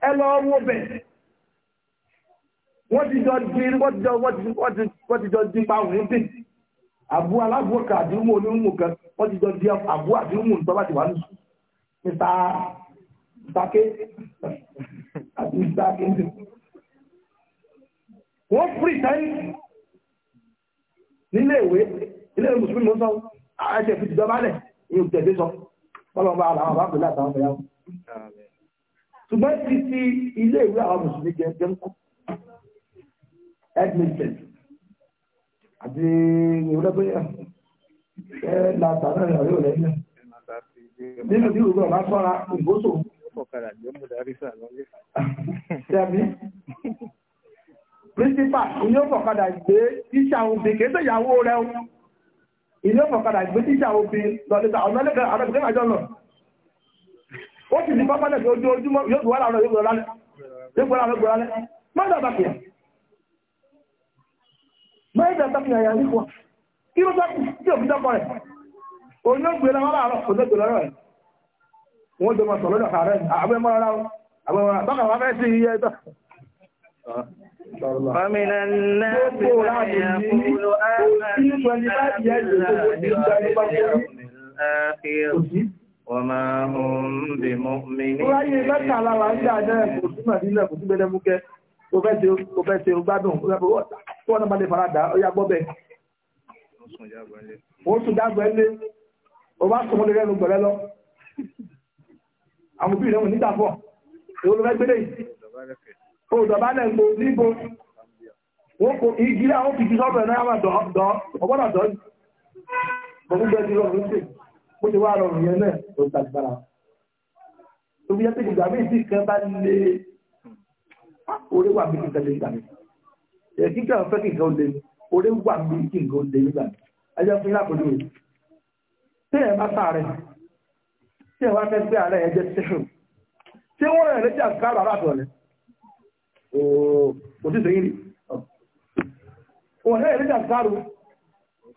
ẹ lọ wo bẹ̀ wọ́n ti jọ di wọ́n ti jọ di pàwọn níbi àbú alábùkà àdúgbò onímù kan wọ́n ti jọ di àbú àdúgbò nípa bá ti wà lùsù mr sake àti mr kinte wọ́n pírí sẹ́yìn nílé ìwé ilé ìwé mùsùlùmí mọ́sán àṣẹ ìfìdíjọba rẹ̀ ní òtẹ̀dé sọ fọ́lọ́mọba àwọn àbábẹ̀lẹ̀ àtàwọn ọmọ yàwó ṣùgbọ́n ti ti ilé ìwé àwọn mùsùlùmí jẹ jẹ ń kọ́ edmonton àti ìwúlẹ́gbẹ́yà ẹ làtà náà yàrá yóò lẹ́yìn nínú bí ìwúlẹ́ ọ̀la sọ́ra ìgbóso. Ṣẹ́bi pírísípà ilé òfòkadà gbé tíṣà obì kéèsè ìyàwó rẹ̀ ilé òfòkadà gbé tíṣà obì lọ́lẹ́gbẹ̀rẹ̀ àjọ lọ ó sì ní pápánẹ̀ tó ojoojúmọ́ yóò fi wá láàárọ̀ yóò gbọ́lálẹ́ yóò gbọ́lálẹ́ mọ́dà bàkìyà mọ́dà bàkìyà yà wípọ̀ kí ló sọ́kù tí òfin sọ́kọ̀ rẹ̀ onígbè lọ́wọ́ láàárọ̀ onígbè lọ́rọ̀ rẹ̀ wọ́n jọ máa sọ̀rọ̀ lọ́kà rẹ̀ àbẹ́mọ́ra àbẹ́mọ́ra bákan wá fẹ́ sí iye ẹ̀tọ́ ومن الناس من يقول آمنا بالله واليوم الآخر Ọmọ ohun bí mọ́ mi ní. Ó ráyè mẹ́ta aláwà ń dà náà kò sí màdínlẹ̀ kò sí gbẹdẹmúkẹ́. Ó fẹ́ ṣe ó fẹ́ ṣe gbádùn. Ó yàgbọ́ tí wọ́n náà bá lè fara dà ó yàgbọ́ bẹ́ẹ̀. Ó sùn dágbọ́ ẹ́ lé. Ó bá sọ mọ́lẹ̀ rẹ́nu gbọ̀rẹ́ lọ. Àwọn òbí rẹ̀ wọ̀ nígbà pọ̀. Èwo ló fẹ́ gbélé yìí? Ó dọ̀bá náà gbò níbo. Wọ́n kò igi bó ti wá rọrùn yẹn náà ló ń gbàgbára òbí yẹn tẹ̀sí ìgbàmí sí kan bá lé orí wà bí kí n tẹ̀lé ìgbàmí ẹ̀ kí kàn fẹ́ kí nǹkan ó lé orí wà bí kí nǹkan ó lé nígbà ẹjọ́ fún yín àpòjú rẹ̀ tí ẹ̀ bá sáré tí ẹ̀ wá fẹ́ gbé ààrẹ ẹ̀jẹ̀ sẹ́fù tí wọ́n rẹ̀ lẹ́jà kárọ̀ àràbọ̀ rẹ̀ kò sí sẹ́yìn rí wọ́n rẹ̀ lẹ́jà kárọ̀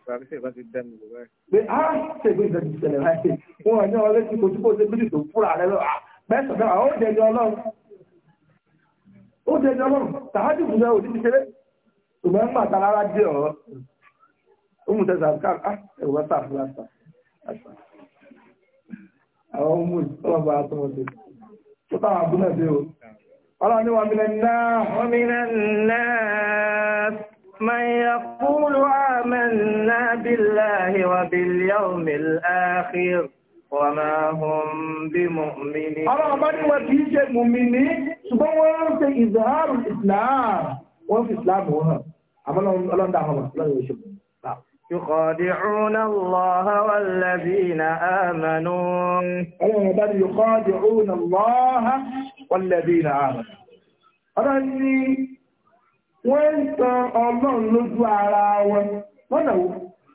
sáré ṣe bá ti dá mi lọ́wọ́ ẹ̀. pé á ṣègbè ìdẹ̀jú ìṣẹ̀lẹ̀ láti wọn ò ní ọ létí kojú kó ṣe bídì tó fúra rẹ lọ mẹ́sàn-án ah, náà ó jẹjọ ọlọ́run ó jẹjọ ọlọ́run tàájú kùnú ẹ̀ òdì ti ṣeré ṣùgbọ́n ń bàtà rárá dé ọ̀rọ̀ ó mú tẹ̀sán káà á ẹ̀wọ́ sàfúrà sà àwọn ọmọ ìṣọ́lọ́bà àtọmọdé tó táwọn àbúlẹ̀ dé o ọlọ́run ní wọn mi náà من يقول آمنا بالله وباليوم الآخر وما هم بمؤمنين أرى من وكيش مؤمنين سبحان الله إظهار الإسلام وفي الإسلام هو أما لو دعهم لا يشبه يخادعون الله والذين آمنوا بل يخادعون الله والذين آمنوا أرى wọ́n ń tan ọlọ́run lójú ara wọn wọ́n náà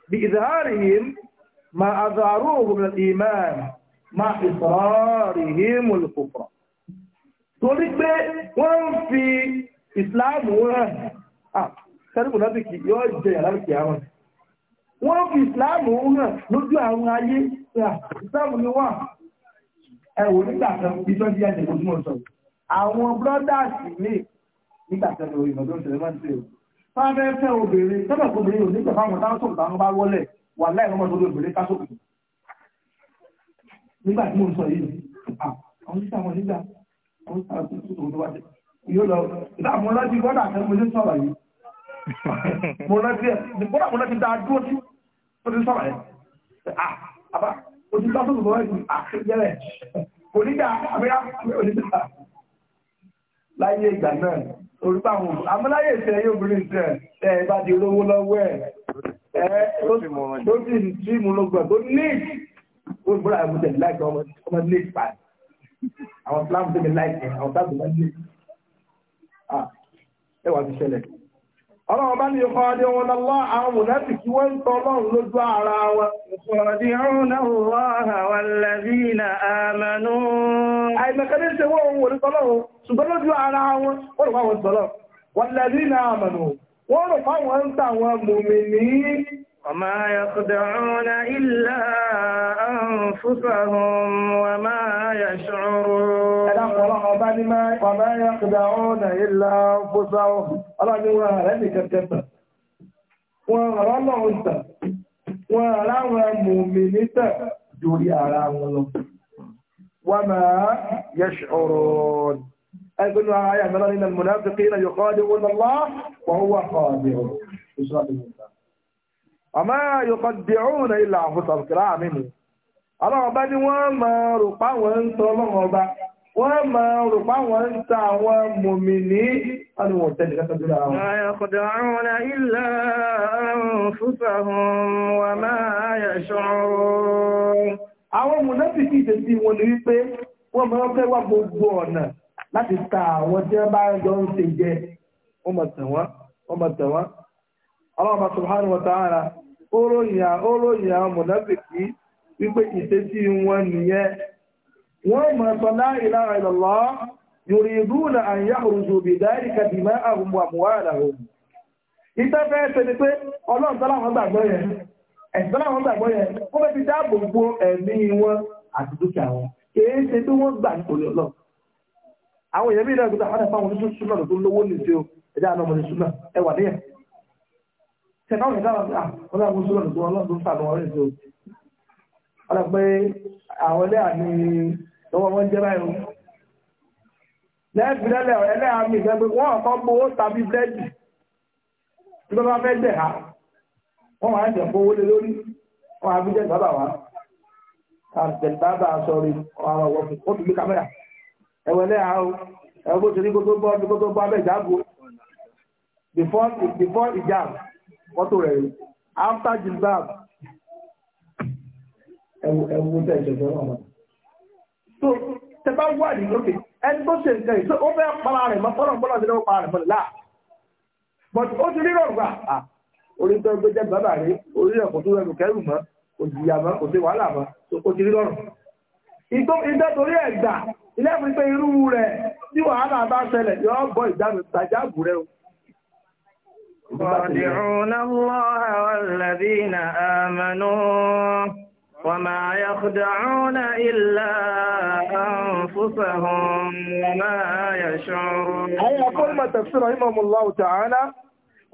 bí ìdáhàrì yìí ma àzàrò òwúrọ̀ ìmáà ma ìsọ̀rọ̀ yìí mú lùkùkọ̀ torí pé wọ́n ń fi ìsìláàmù hàn sẹ́dùkù náà bìkì yóò jẹ yàrá bìkì àwọn wọ́n fi ìsìláàmù hàn lójú àwọn ayé ìsìláàmù ni wà ẹ̀wò nígbà kan bí 20 years ago tí mo sọ àwọn brothers nígbà tẹ́lẹ̀ orí ìmọ̀ tó ń tẹ̀lé máa ń tẹ̀ o. Fáwọn fẹ́ fẹ́ obìnrin tẹ́lẹ̀ obìnrin ò nígbà fáwọn táwọn sọ̀rọ̀ táwọn bá wọlé wà láì wọ́n tọ́lú obìnrin ká sókè. Nígbà tí mo ń sọ yìí, àwọn oníṣẹ́ àwọn nígbà àwọn sọ̀rọ̀ tó wá dé. Yóò lọ, ìdá mo rántí bọ́dà tẹ́ mo ní sọ̀rọ̀ yìí. Mo rántí ẹ̀, bọ́dà mo rántí dáa dúró sí, ó ti sọ̀rọ̀ yẹn. Àbá, o ti sọ́kùn tó wá yìí, àkẹ́yẹrẹ, kò ní dáa, àbẹ́yà, kò ní dáa. Láyé ìgbà náà, orúkpàwọn amúláyè tẹ yóò bìrì tẹ ẹ bá di olówó lọ́wọ́ ẹ tó ti tí mu lọgbọn tó ní ó ń láìpẹ́ ọmọ ọmọ ní àwọn fúlàmù tó ní láìpẹ́ àwọn fúlàmù láìpẹ́ ẹ ti ṣẹlẹ̀ ọlọ́run bá ní ọkọ̀ adé wọn lọ́lọ́ àwọn mùnáfi kí wọ́n ń tọ́ ọlọ́run lójú ara wọn. Ìfọ̀díhún Allah wal ladhina amanu. Àìmọ̀kẹ́ ní wọ́n òun wọ́n rò وما يخدعون إلا أنفسهم وما يشعرون وما يخدعون إلا أنفسهم ọlọ́ni wọn ààrẹ nìkan kẹta wọn ọ̀rọ̀ náà ń tà wọn aláwọn mùmí nítà dórí ara wọn lọ wọ́n máa yẹ́ṣọ́rọ̀ ẹgbẹ́nu ara yàmẹ́lọ́ nínú mùnáfikí náà yóò kọ́ ọdún wọn lọ́wọ́ wọ́n wà kọ́ ọdún ọmọ yọkọ̀ dìrún ilà àfọ̀sọ̀kìrá mi nù ọlọ́run bá ní wọ́n máa rò páwọn ń tọ́ ọlọ́run ọba wọ́n máa rò páwọn ń ta àwọn mòmìnì ọdún tẹ́lẹ̀ lọ́sọ̀dọ́ ara wọn. Àyàkọ̀dàrún ilẹ̀ fúsàhùn wà máa yẹ̀ṣọ́rọ̀. Àwọn mùnẹ́bì kí wọ́n máa fẹ́ wá gbogbo ọ̀nà láti ta àwọn tí wọ́n bá jọ ń ṣe jẹ. Wọ́n mọ̀ tẹ̀wọ́n, wọ́n mọ̀ tẹ̀wọ́n. Allah subhanahu wa oróyìn àwọn mọ̀nàbìkì wípé ìṣesí wọn nìyẹn wọ́n mọ̀ sọ la ilaha illallah yuriduna an yahruju bidhalika dima'ahum wa amwalahum ìtẹ́fẹ́ ṣe ni pé ọlọ́run tọ́lá wọn gbàgbọ́ yẹn ẹ̀sìn tọ́lá wọn gbàgbọ́ yẹn wọ́n fẹ́ fi dáàbò bo ẹ̀mí wọn wọn kìí ṣe bí wọ́n gbà o tẹ̀kọ́ọ̀nì dára bí ah, ọlọ́run sọ́rọ̀ nìkan ọlọ́run tó ń sàlọ̀ ọ̀rẹ́ ìṣó ọ̀rọ̀ pé àwọn ẹlẹ́ àmì lọ́wọ́ wọn jẹ́ báyìí lẹ́ẹ̀fì lẹ́lẹ̀ ẹlẹ́ àmì ìṣẹ́ pé wọ́n ọ̀kọ́ gbowó tàbí bẹ́ẹ̀dì tí wọ́n bá fẹ́ jẹ̀ ha wọ́n máa ń jẹ̀ fún owó lé lórí wọ́n á fi jẹ́ sábà wá àtẹ̀tàbà sọ̀rọ̀ ọ̀rọ̀ wọ́n fi gbé kámẹ́rà ẹ̀wẹ̀lẹ́ àárọ̀ ẹ̀wọ́ bó ti rí kó tó bọ́ before ìjà fọ́tò rẹ̀ after jilbab ẹwú tẹ́jọ̀jọ́ náà so tẹ wà ní lókè ẹni tó ṣe nǹkan ìṣó ó fẹ́ para rẹ̀ mọ́ fọ́nà gbọ́dọ̀ sílẹ̀ ó para rẹ̀ mọ́lẹ̀ láà but ó ti rírọ̀ gbà à orí tó gbé jẹ́ bàbá rẹ̀ orí rẹ̀ kò tó rẹ̀ kẹ́rù mọ́ kò sì yà mọ́ kò sí wàhálà mọ́ so ó ti rírọ̀ ìtò torí ilé ìfipé irú rẹ̀ tí wàhálà bá ṣẹlẹ̀ yọ bọ́ rẹ̀ o يخادعون الله والذين آمنوا وما يخدعون إلا أنفسهم وما يشعرون هيا كل ما تفسر إمام الله تعالى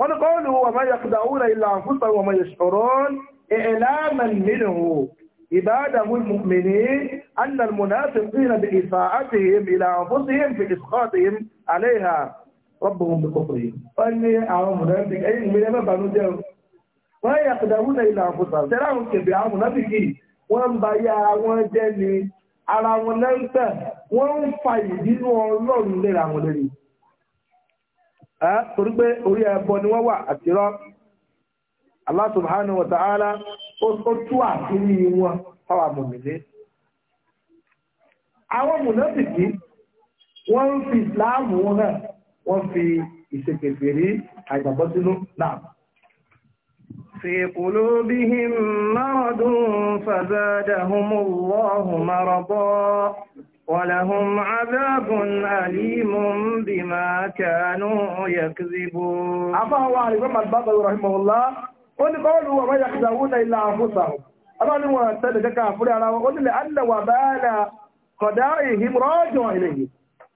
هو وما يخدعون إلا أنفسهم وما يشعرون إعلاما منه عباده المؤمنين أن المنافقين بإساءتهم إلى أنفسهم بإسقاطهم عليها ربهم بكفرهم فاني اعوى منافق اي من ما بانو جاو يقدرون انفسهم وان بايا وان ara wọn náà ń wọ́n ń fa ìdínú ọlọ́run lera wọn lórí wa ó tú wọn wọ́n fi ìṣèkèfèrí àìgbàgbọ́ sínú náà. في قلوبهم مرض فزادهم الله مرضا ولهم عذاب أليم بما كانوا يكذبون أفهو على الإمام البغوي رحمه الله قل قولوا وما يخدعون إلا أنفسهم أنا أقول لك أفري على وقل لأن وبال قدائهم راجع إليه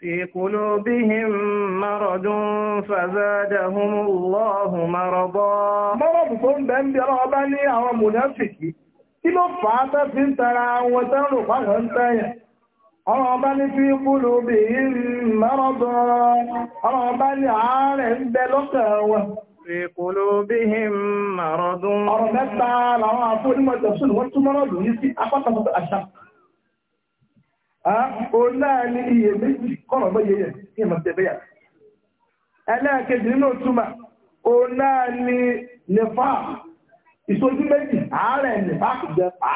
في قلوبهم مرض فزادهم الله مرضا مرض tó ń bẹ ń bẹ ọlọ́wọ́ bá ní àwọn mùnáfìkì kí ló fà á tẹ́ fi ń tara àwọn tẹ́ ń rò pàṣẹ ń tẹ́yẹ̀ ọlọ́wọ́ bá ní fi qulubihim marad ọlọ́wọ́ bá ní àárẹ̀ ń bẹ lọ́kàn wọn fi qulubihim marad ọ̀rọ̀ mẹ́ta làwọn àfọ́ onímọ̀ ìtọ̀sùn wọ́n túnmọ́ lọ́dún yìí sí apá kan tó àṣà oláàní iye méjì kọ́nà bọ́ yẹyẹ kí ẹ̀mọ̀ tẹ̀ bẹ́yà. ẹlẹ́ẹ̀kejì nínú túmọ̀ oláàní nífà ìṣojú méjì ààrẹ nífà jẹ́ pa.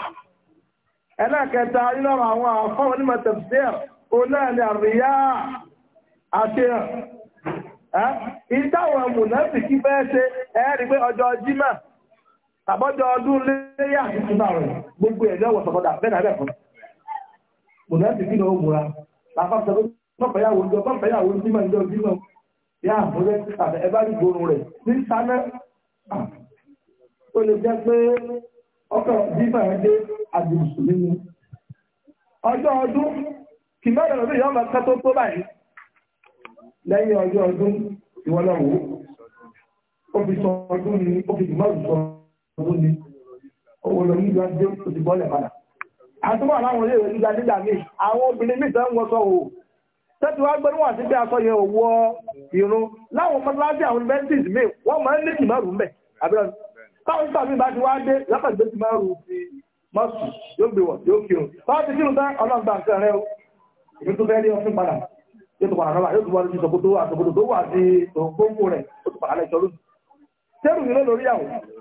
ẹlẹ́ẹ̀kẹta nínú àwọn afọ́wọ́n ní mọ̀tẹ̀fẹ́ oláàní ya arụ gbogbo ya mùnàfíkì náà ó múra bàbá sọ pé mọ̀fẹ́yàwó ń jọ mọ̀fẹ́yàwó ń bímọ ìjọ bímọ yá àbúrẹ́ àbẹ ẹ bá rí gbóòórùn rẹ̀ ní sáná ó lè jẹ́ pé ọkọ̀ bímọ ẹ̀ dé àdìmùsùn nínú ọjọ́ ọdún kì mẹ́rin ọdún yọ́ máa kẹ́tọ́ tó báyìí lẹ́yìn ọjọ́ ọdún ìwọlọ́wọ́ ó fi sọ ọdún ni ó fi jùmọ́ ìsọ ọdún ni owó lọ nílùú adé ó ti bọ́lẹ̀ padà àtúmọ̀ àwọn olè ìwé gíga nígbà míì àwọn obìnrin mìí tán wọ́n sọ wò tẹ́tù wá gbẹ́rún wà sí pé aṣọ yẹn ò wọ irun láwọn mọ́tíláṣí àwọn universities míì wọ́n máa ń ní ìmọ̀rù mẹ́ abẹ́rẹ́ táwọn ìgbà míì bá ti wá dé lápàgbé ti máa rù mọ́sù yóò gbé wọ̀ yóò kírun táwọn ti kírun tán ọlọ́gbà nǹkan rẹ o èmi tó fẹ́ rí ọfín padà yóò tó padà náà yóò tó wọlé sí sọ̀kòtò àtòkòtò tó wà sí òkóńkó rẹ̀ ó tó padà lẹ́sọ̀rọ̀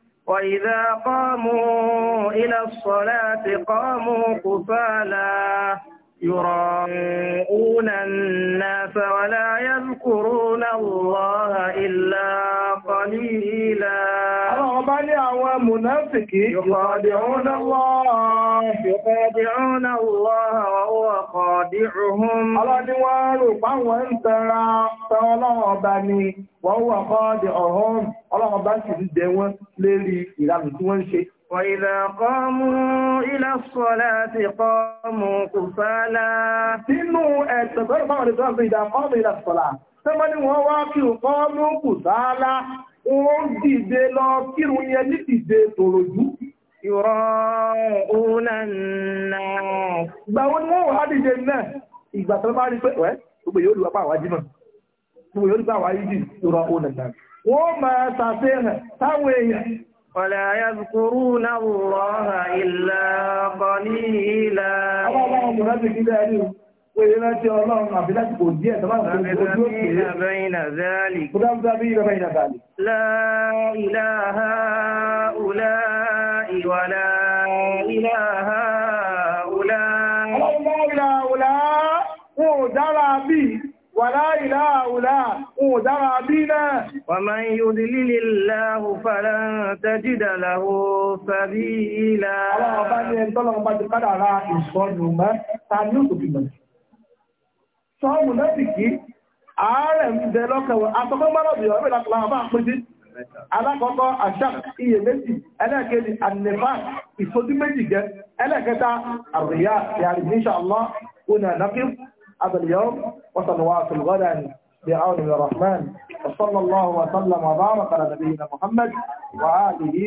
وإذا قاموا إلى الصلاة قاموا قفالا يراءون الناس ولا يذكرون الله إلا قليلا àwọn mùnáfìkì yọ̀kọ̀dìrún Ọlọ́run bá sì ń jẹ wọn lérí ìlànà tí wọ́n ń ṣe. وَإِذَا قَامُوا إِلَى الصَّلَاةِ قَامُوا كُسَالَى Nínú ẹ̀sẹ̀ tó ìpáwọn ìdọ́gbìn ìdàkọ́mù إلى الصَّلَاة, tẹ́mọ́ ni wọ́n wá kí ò kọ́ mú kùsálá Wọ́n dìde lọ kírun yẹn ní dìde tòròjú. Ìrọ̀ òun náà. Ìgbà wọn ni wọ́n wà á dìde náà. Ìgbà tó bá rí pé wẹ́ gbogbo yóò lù apá àwájú náà. Gbogbo yóò lù apá àwájú jì ìrọ̀ òun náà. Wọ́n máa ṣàfihàn táwọn èèyàn. Wala yazkuruna Allaha illa qalila. Àwọn ọmọ ọmọ mùnàbí kílẹ̀ ẹni o pé rántí ọlọ́run àbí láti kò díẹ̀ tó bá ń pè ojú òkè Bùdábùdábí rẹ̀bẹ̀ ìnàbàlì. La ilaha ula ìwàlá ilaha ula. Ọlọ́run ìlà ula, wọn ò dára bí, wàlá ìlà ula, wọn ò dára bí náà. Wa man Àwọn ọba ní ẹni tọ́lọ́run bá ti kádàrá ìṣọ́nù mẹ́, ta ní òkú tọ́wọ́ mùnáfìkì ààrẹ ń bẹ lọ́kẹ̀wọ̀ àtọ́kọ́ gbọ́lọ̀bì ọ̀rẹ́ ìlàkùnlá àbá àpẹjì alákọ̀ọ́kọ́ àṣàk iye méjì ẹlẹ́ẹ̀kejì ànẹ́fà ìfojú méjì jẹ ẹlẹ́ẹ̀kẹta àríyá yàrí níṣà allah una nakif abẹ̀lẹ́yọ́ wọ́sàlùwà àtùlùgọ́dàn بعون الرحمن وصلى